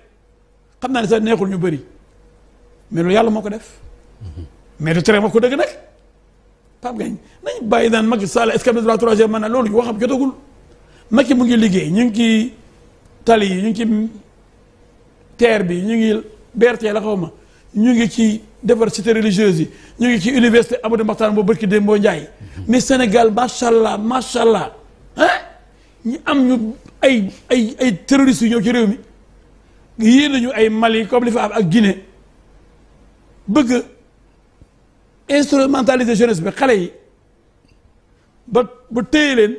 xam naa ne sa neexul ñu bëri mais loolu yàlla moo ko def mais du tere ma ko dëgg nag Pape Ngagne nañ bàyyi naan Macky Sall est-ce que am na troisième man loolu waxam jotagul ki mu ngi liggéey ñu ngi ci tali yi ñu ngi ci terre bi ñu ngi bertee la xaw ma ñu ngi ci defar cité religieuse yi ñu ngi ci université Amadou Mahtar boo bërki Dembo Ndiaye mi mm-hmm. Sénégal macha allah macha allah ñu am ñu ay ay ay terroristes yu ci réew mi yéen nañu ay Mali comme li fa am ak Guinée bëgg instrumentaliser jeunesse bi xale yi ba ba téye leen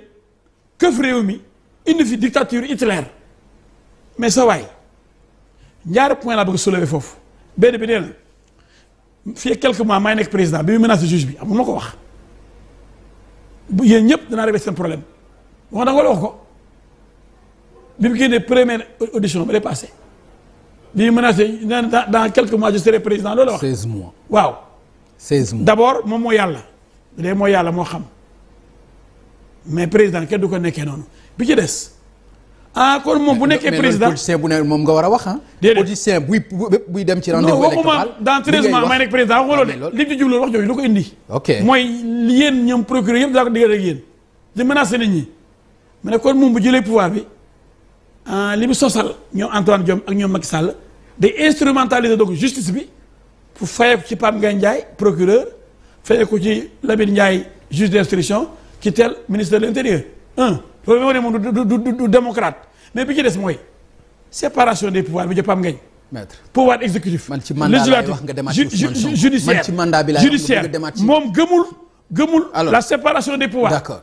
këf réew mi indi fi dictature Hitler mais sa waay ñaari point la bëgg soulever foofu benn bi nee na fii quelques mois maay nekk président bi mu menacé juge bi amul ma ko wax yéen ñëpp danaa régler seen problème on a encore depuis wax ko passé dans quelques mois je serai président 16 mois Wow. 16 mois D'abord mon suis là. mais président quel du ko nekkee bi ci ah bu que président ne nga ah. vous électoral dans 13 mois je suis président de li ñu ne wax pas le indi. ok suis pas le procureur ko digal ak ma ne kon moom bu jëlee pouvoir bi ah, li mu sosal ñoom Antoine Diom ak ñoom Macky Sall day instrumentaliser donc justice bi pour fayeeku ci Pape Ngagne Ndiaye procureur fayeeku ci Lamine Ndiaye juge d'instruction ci tel ministre de l'intérieur un loolu moo ne moom du du du démocrate mais bi ci des mooy séparation des pouvoirs bi jëm Pape Ngagne maître pouvoir exécutif. man ci mandat bi wax nga demaat judiciaire judiciaire moom gëmul gëmul. la séparation des pouvoirs d'accord.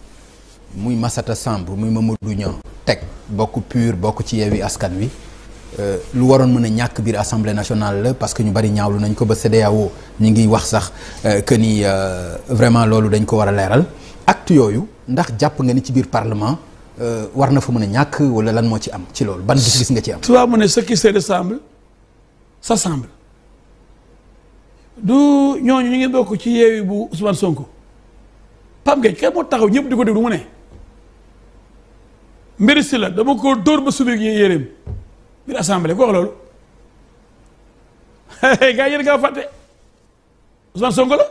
muy Massata Samb muy ma Mamadou ñoo teg bokk pur bokk ci Yewwi Askan Wi euh, lu waroon mën a ñàkk biir assemblée nationale la parce que ñu bari ñaawlu nañ ko ba CEDEAO ñu ngi wax sax euh, que ni euh, vraiment loolu dañ ko war a leeral acte yooyu ndax jàpp nga ni ci biir parlement war na fa mën a ñàkk wala lan moo ci am ci loolu ban gis-gis nga ci am. tu vois mu ne ce qui se ressemble s'assemble du ñooñu ñu ngi bokk ci Yewwi bu Ousmane Sonko Pape Gueye kenn moo taxaw ñëpp di ko déglu mu mbiri si la dama ko dóor ba subi ñuy yéreem biir assemblée ko wax loolu gaa yéen ngaa fàtte Ousmane Sonko la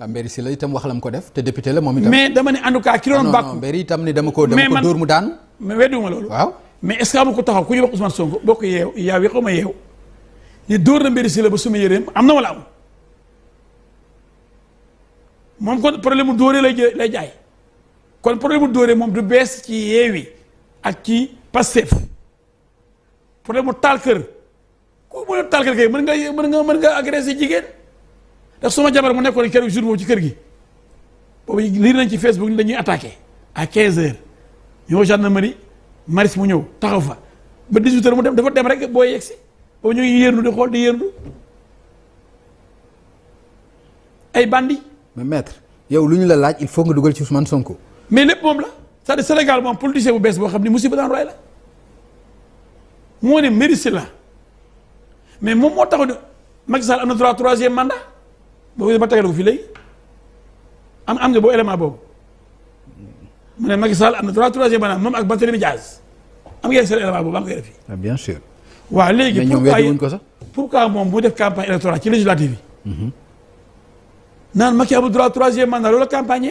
ah Mbéri si la itam wax la mu ko def te député la moom itam. mais dama ne en tout cas ki doon ah, bàkku. non non Mbéri itam ne dama ko dama mais weddiwuma loolu. waaw mais est ce ko taxaw ku ñu wax Ousmane Sonko boo ko yeew yaa wi yeew ni dóor na Mbéri si la ba suma yéreem am na wala am moom kon problème mu dóoree lay lay jaay. kon problème mu dóore moom du bees ci yeewi ak ci Pastef problème mu taal kër ku mën a taal kër kay mën nga mën nga mën nga agressé jigéen ndax suma jabar mu nekkoon keroog jour ci kër gi boobu liir nañ ci Facebook ni dañuy attaqué à quinze heures ñoo gendarmerie maris mu ñëw taxaw fa ba 18 mu dem dafa dem rek boo yegsi boobu ñu ngi yéerndu di xool di yéerndu ay bandi mais maître yow lu ñu la laaj il faut nga dugal ci su man Sonko. mais le moom la cest à Sénégal moom politicien bu bees boo xam ne musiba daan roy mais moom moo Macky Sall am na droit troisième mandat boobu ko am élément Macky Sall troisième mandat ak am élément am ah, bien sûr. pourquoi pourquoi def campagne électorale ci législative yi. Mhm. Macky droit troisième mandat loolu campagne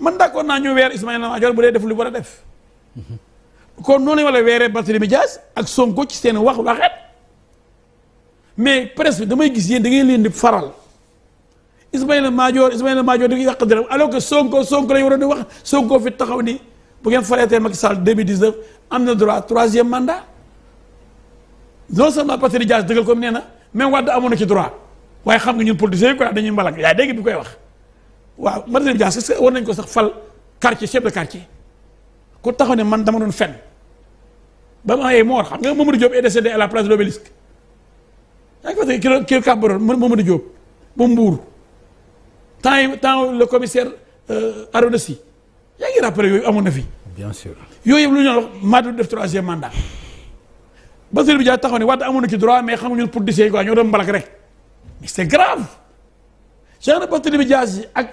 man d'accord naa ñu weer Ismaïla Madior bu dee def lu war a def. kon noonu la wala weeree Barthélémy Dias ak Sonko ci seen wax waxet mais presse bi damay gis yéen da ngeen leen di faral Ismaïla Madior Ismaïla Madior di yàq dara alors que Sonko Sonko lañ waroon di wax Sonko fi taxaw ni bu ngeen fareetee Macky Sall 2019 am na droit troisième mandat non seulement Barthélémy Dias dëggal ko nee na mais Wade amoon na ci droit waaye xam nga ñun politiciens yi quoi dañuy mbalak yaa dégg bi koy wax. waaw Madeleine Dias est-ce que war nañ ko sax fal quartier chef de quartier ku taxaw ne man dama doon fen ba ma ay moor xam nga Mamadou Diop est décédé à la place de l'obélisque yaa ngi fàttali kilo kilo kàbbaroon Mamadou Diop ba Mbour temps yi temps le commissaire euh, Aronesi yaa ngi yooyu amoon na fi. yooyu lu ñu wax Madou def troisième mandat Bassirou Dia taxaw ne Wade amoon na ci droit mais xam nga ñun pour disee quoi ñoo doon mbalak rek mais c'est grave genre Bassirou Dia ak.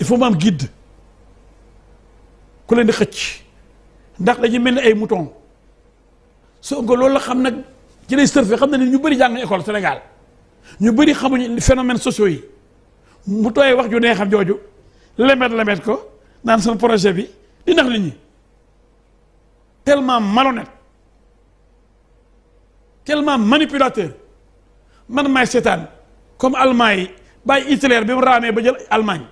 il faut m'am guide ku leen xecc ndax melni ay mouton que la xam nak ci lay xam na ñu bari jang école Sénégal ñu bëri xamuñu phénomène sociaux yi mu tooyee wax ju neexam jooju lemet lemet ko nan son projet bi di nax nit ñi tellement malhonnête tellement manipulateur man comme Allemagne bay Hitler bi ba jël Allemagne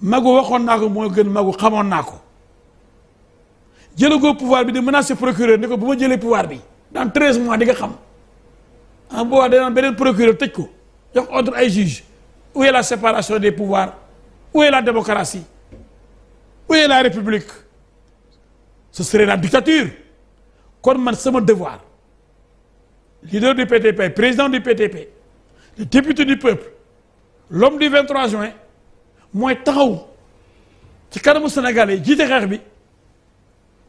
magu waxon nako mo gën magu xamoon nako jëlugo pouvoir bi de menacer procureur ne ko bu ma pouvoir bi dans 13 mois diga xam en boobaa danaan le procureur tëj ko jox ordre ay juge où est la séparation des pouvoirs où est la démocratie où est la république ce serait la dictature kon man sama devoir leader du PTP président du PTP le député du peuple l'homme du 23 juin mooy taxaw ci kanamu Sénégal yi jiite xeex bi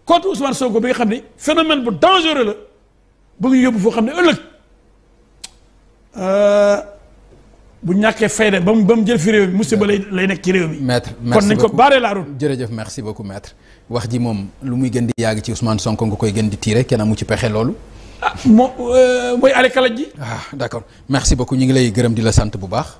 contre Ousmane Sonko bi nga xam ne phénomène bu dangereux la bu ñu yóbbu foo xam ne ëllëg euh, bu ñàkkee fayda ba mu ba jël fi réew mi musiba lay lay nekk ci réew mi. maître kon nañ ko baaree la route. jërëjëf merci beaucoup maître wax ji moom lu muy gën di yàgg ci Ousmane Sonko nga koy gën di tiire kenn mu ci pexe loolu. Ah, moo euh, mooy alekala ji. ah d'accord merci beaucoup ñu ngi lay gërëm di la sant bu baax.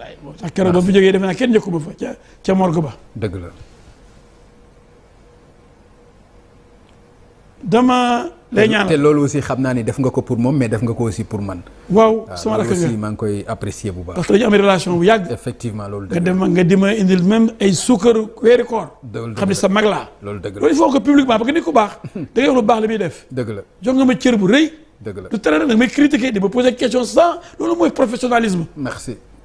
waaw sax kéro ba fi jogé defe naa kenn njëkku fa ca ca morgue ba. deug la. dama. lay ñaan té loolu aussi xamna ni def nga ko pour mom mais def nga ko aussi pour man. waaw ah, sama rakk nga maa ngi koy apprécier bu baax. parce que dañu am relation bu yàgg. effectivement loolu deug dama nga dima indil même ay sukkar wéri koor. xam ne sa mag laa. loolu dëgg la il faut que publiquement parce que ni ku baax. da ngay lu baax li bi def. deug la jox nga ma cër bu reuy deug la du tere nag mais critiquer di ma poser question sans loolu moy professionnalisme. merci.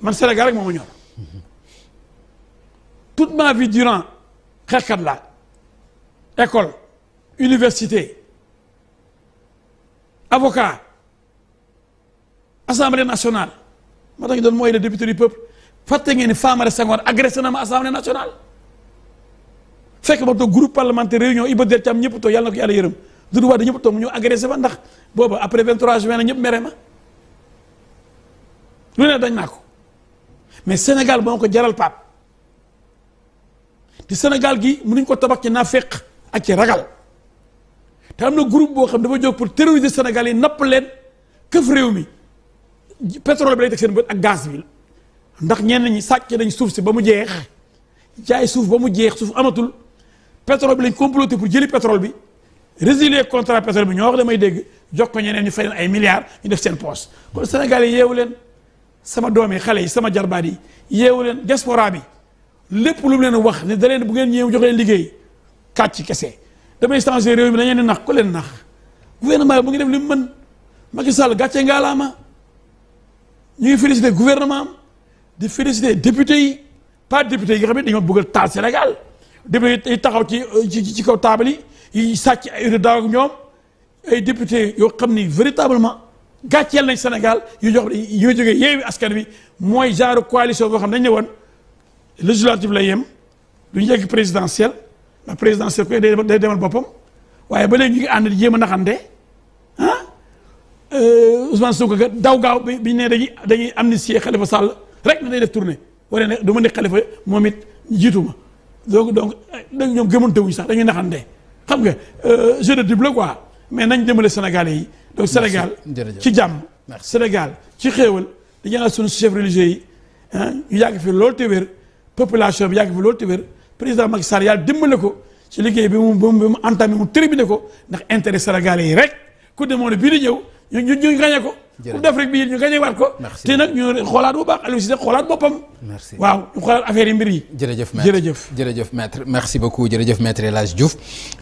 man Sénégal rek moo ñor toute ma vie durant xeexkat la école université avocat assemblée nationale ma tax ñu moy le député du peuple fàtte ngeen ni Famara sangone agressé na ma assemblée nationale fekk ba toog groupe parlementaire réunion Iba del Thiam ñëpp toog yàlla na ko yàlla yërëm Doudou Wade ñëpp toog mu ñëw agressé ma ndax booba après 23 juin ñep méré mere ma lu ne dañ naa mais Sénégal boo ko jaral paap te Sénégal gi nuñ ko tabax ci naafeq ak ci ragal te am na groupe boo xam dafa jóg pour terroriser Sénégal yi napp leen këf réew mi pétrole bi lay teg seen bët ak gaz bi ndax ñenn ñi sàcc nañ suuf si ba mu jeex jaay suuf ba mu jeex suuf amatul pétrole bi lañ comploté pour jëli pétrole bi résilier contrat pétrole bi ñoo wax damay dégg jox ko ñeneen ñu fay leen ay milliards ñu def seen poche kon Sénégal yi yeewu leen. sama doom xale yi sama jarbaat yi yeewu leen diaspora bi lépp lu que wax ne da bu ngeen ñëw jox liggéey kàcc kese damay réew mi dañ leen nax ku leen nax gouvernement bi mu ngi def li mën féliciter gouvernement am féliciter député yi pas député yi nga Sénégal député yi taxaw ci euh, ci ci kaw yi yi ay ay député véritablement gàcceel nañ Senegal yu jox yu jógee Yewwi Askan Wi mooy genre coalition boo xam ne dañ ne woon yem du ñu yegg présidentielle la présidentielle koy day demal boppam waaye ba léegi ñu ngi ànd di jéem a naxante ah euh, Ousmane Sonko ga daw gaaw bi bi dañuy dañuy Khalifa Sall rek na day def tournée waree ne du ma Khalifa moom jitu jiitu ma donc donc ñoom gëmante wuñ sax dañuy naxante xam nga euh, jeu de double quoi mais nañ jëmale Sénégalais yi. donc Sénégal ci jam Sénégal ci xéewal di ñaanal suñu chef religieux yi ñu yàgg fi loolu te wér population bi yàgg fi loolu te wér président Macky Sall yàlla dimbale ko ci liggéey bi mu bi mu entamé mu terminé ko ndax intérêt sénégalais yi rek ku demoon bii di ñëw ñu ñu ñu gañe ko ku def rek bii ñu gañe waat ko te nag ñu xoolaat bu baax Aliou Cissé affaire yi mbir yi jërëjëf jërëjëf jërëjëf maître merci beaucoup jërëjëf maître El Hadj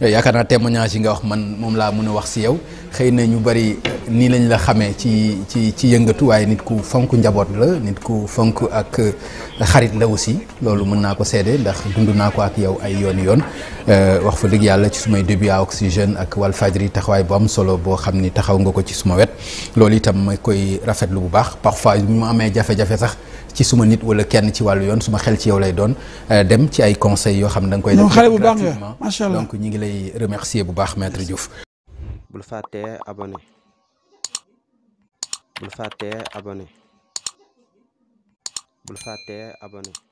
eh, yaakaar naa témoignage yi nga wax man moom laa mën a wax si yow xëy na ñu bari nii lañ la xamee ci ci ci yëngatu waaye nit ku fonk njaboot la nit ku fonk ak eh, xarit la aussi loolu mën naa ko seede ndax dund naa ko ak yow ay yoon yoon eh, wax fa dëgg yàlla ci sumay début à oxygène ak Walfadjri taxawaay bu am solo boo xam ni taxaw nga ko ci suma wet loolu itam dama koy rafetlu bu baax parfois ñu amee jafe-jafe sax ci suma nit wala kenn ci wàllu yoon suma xel ci yow lay doon euh, dem ci ay conseil yoo xam ne da koy def xale bu baax nga macha donc ñi ngi lay remercier bu baax maître Diouf bul fàttee abonné bul fàttee abonné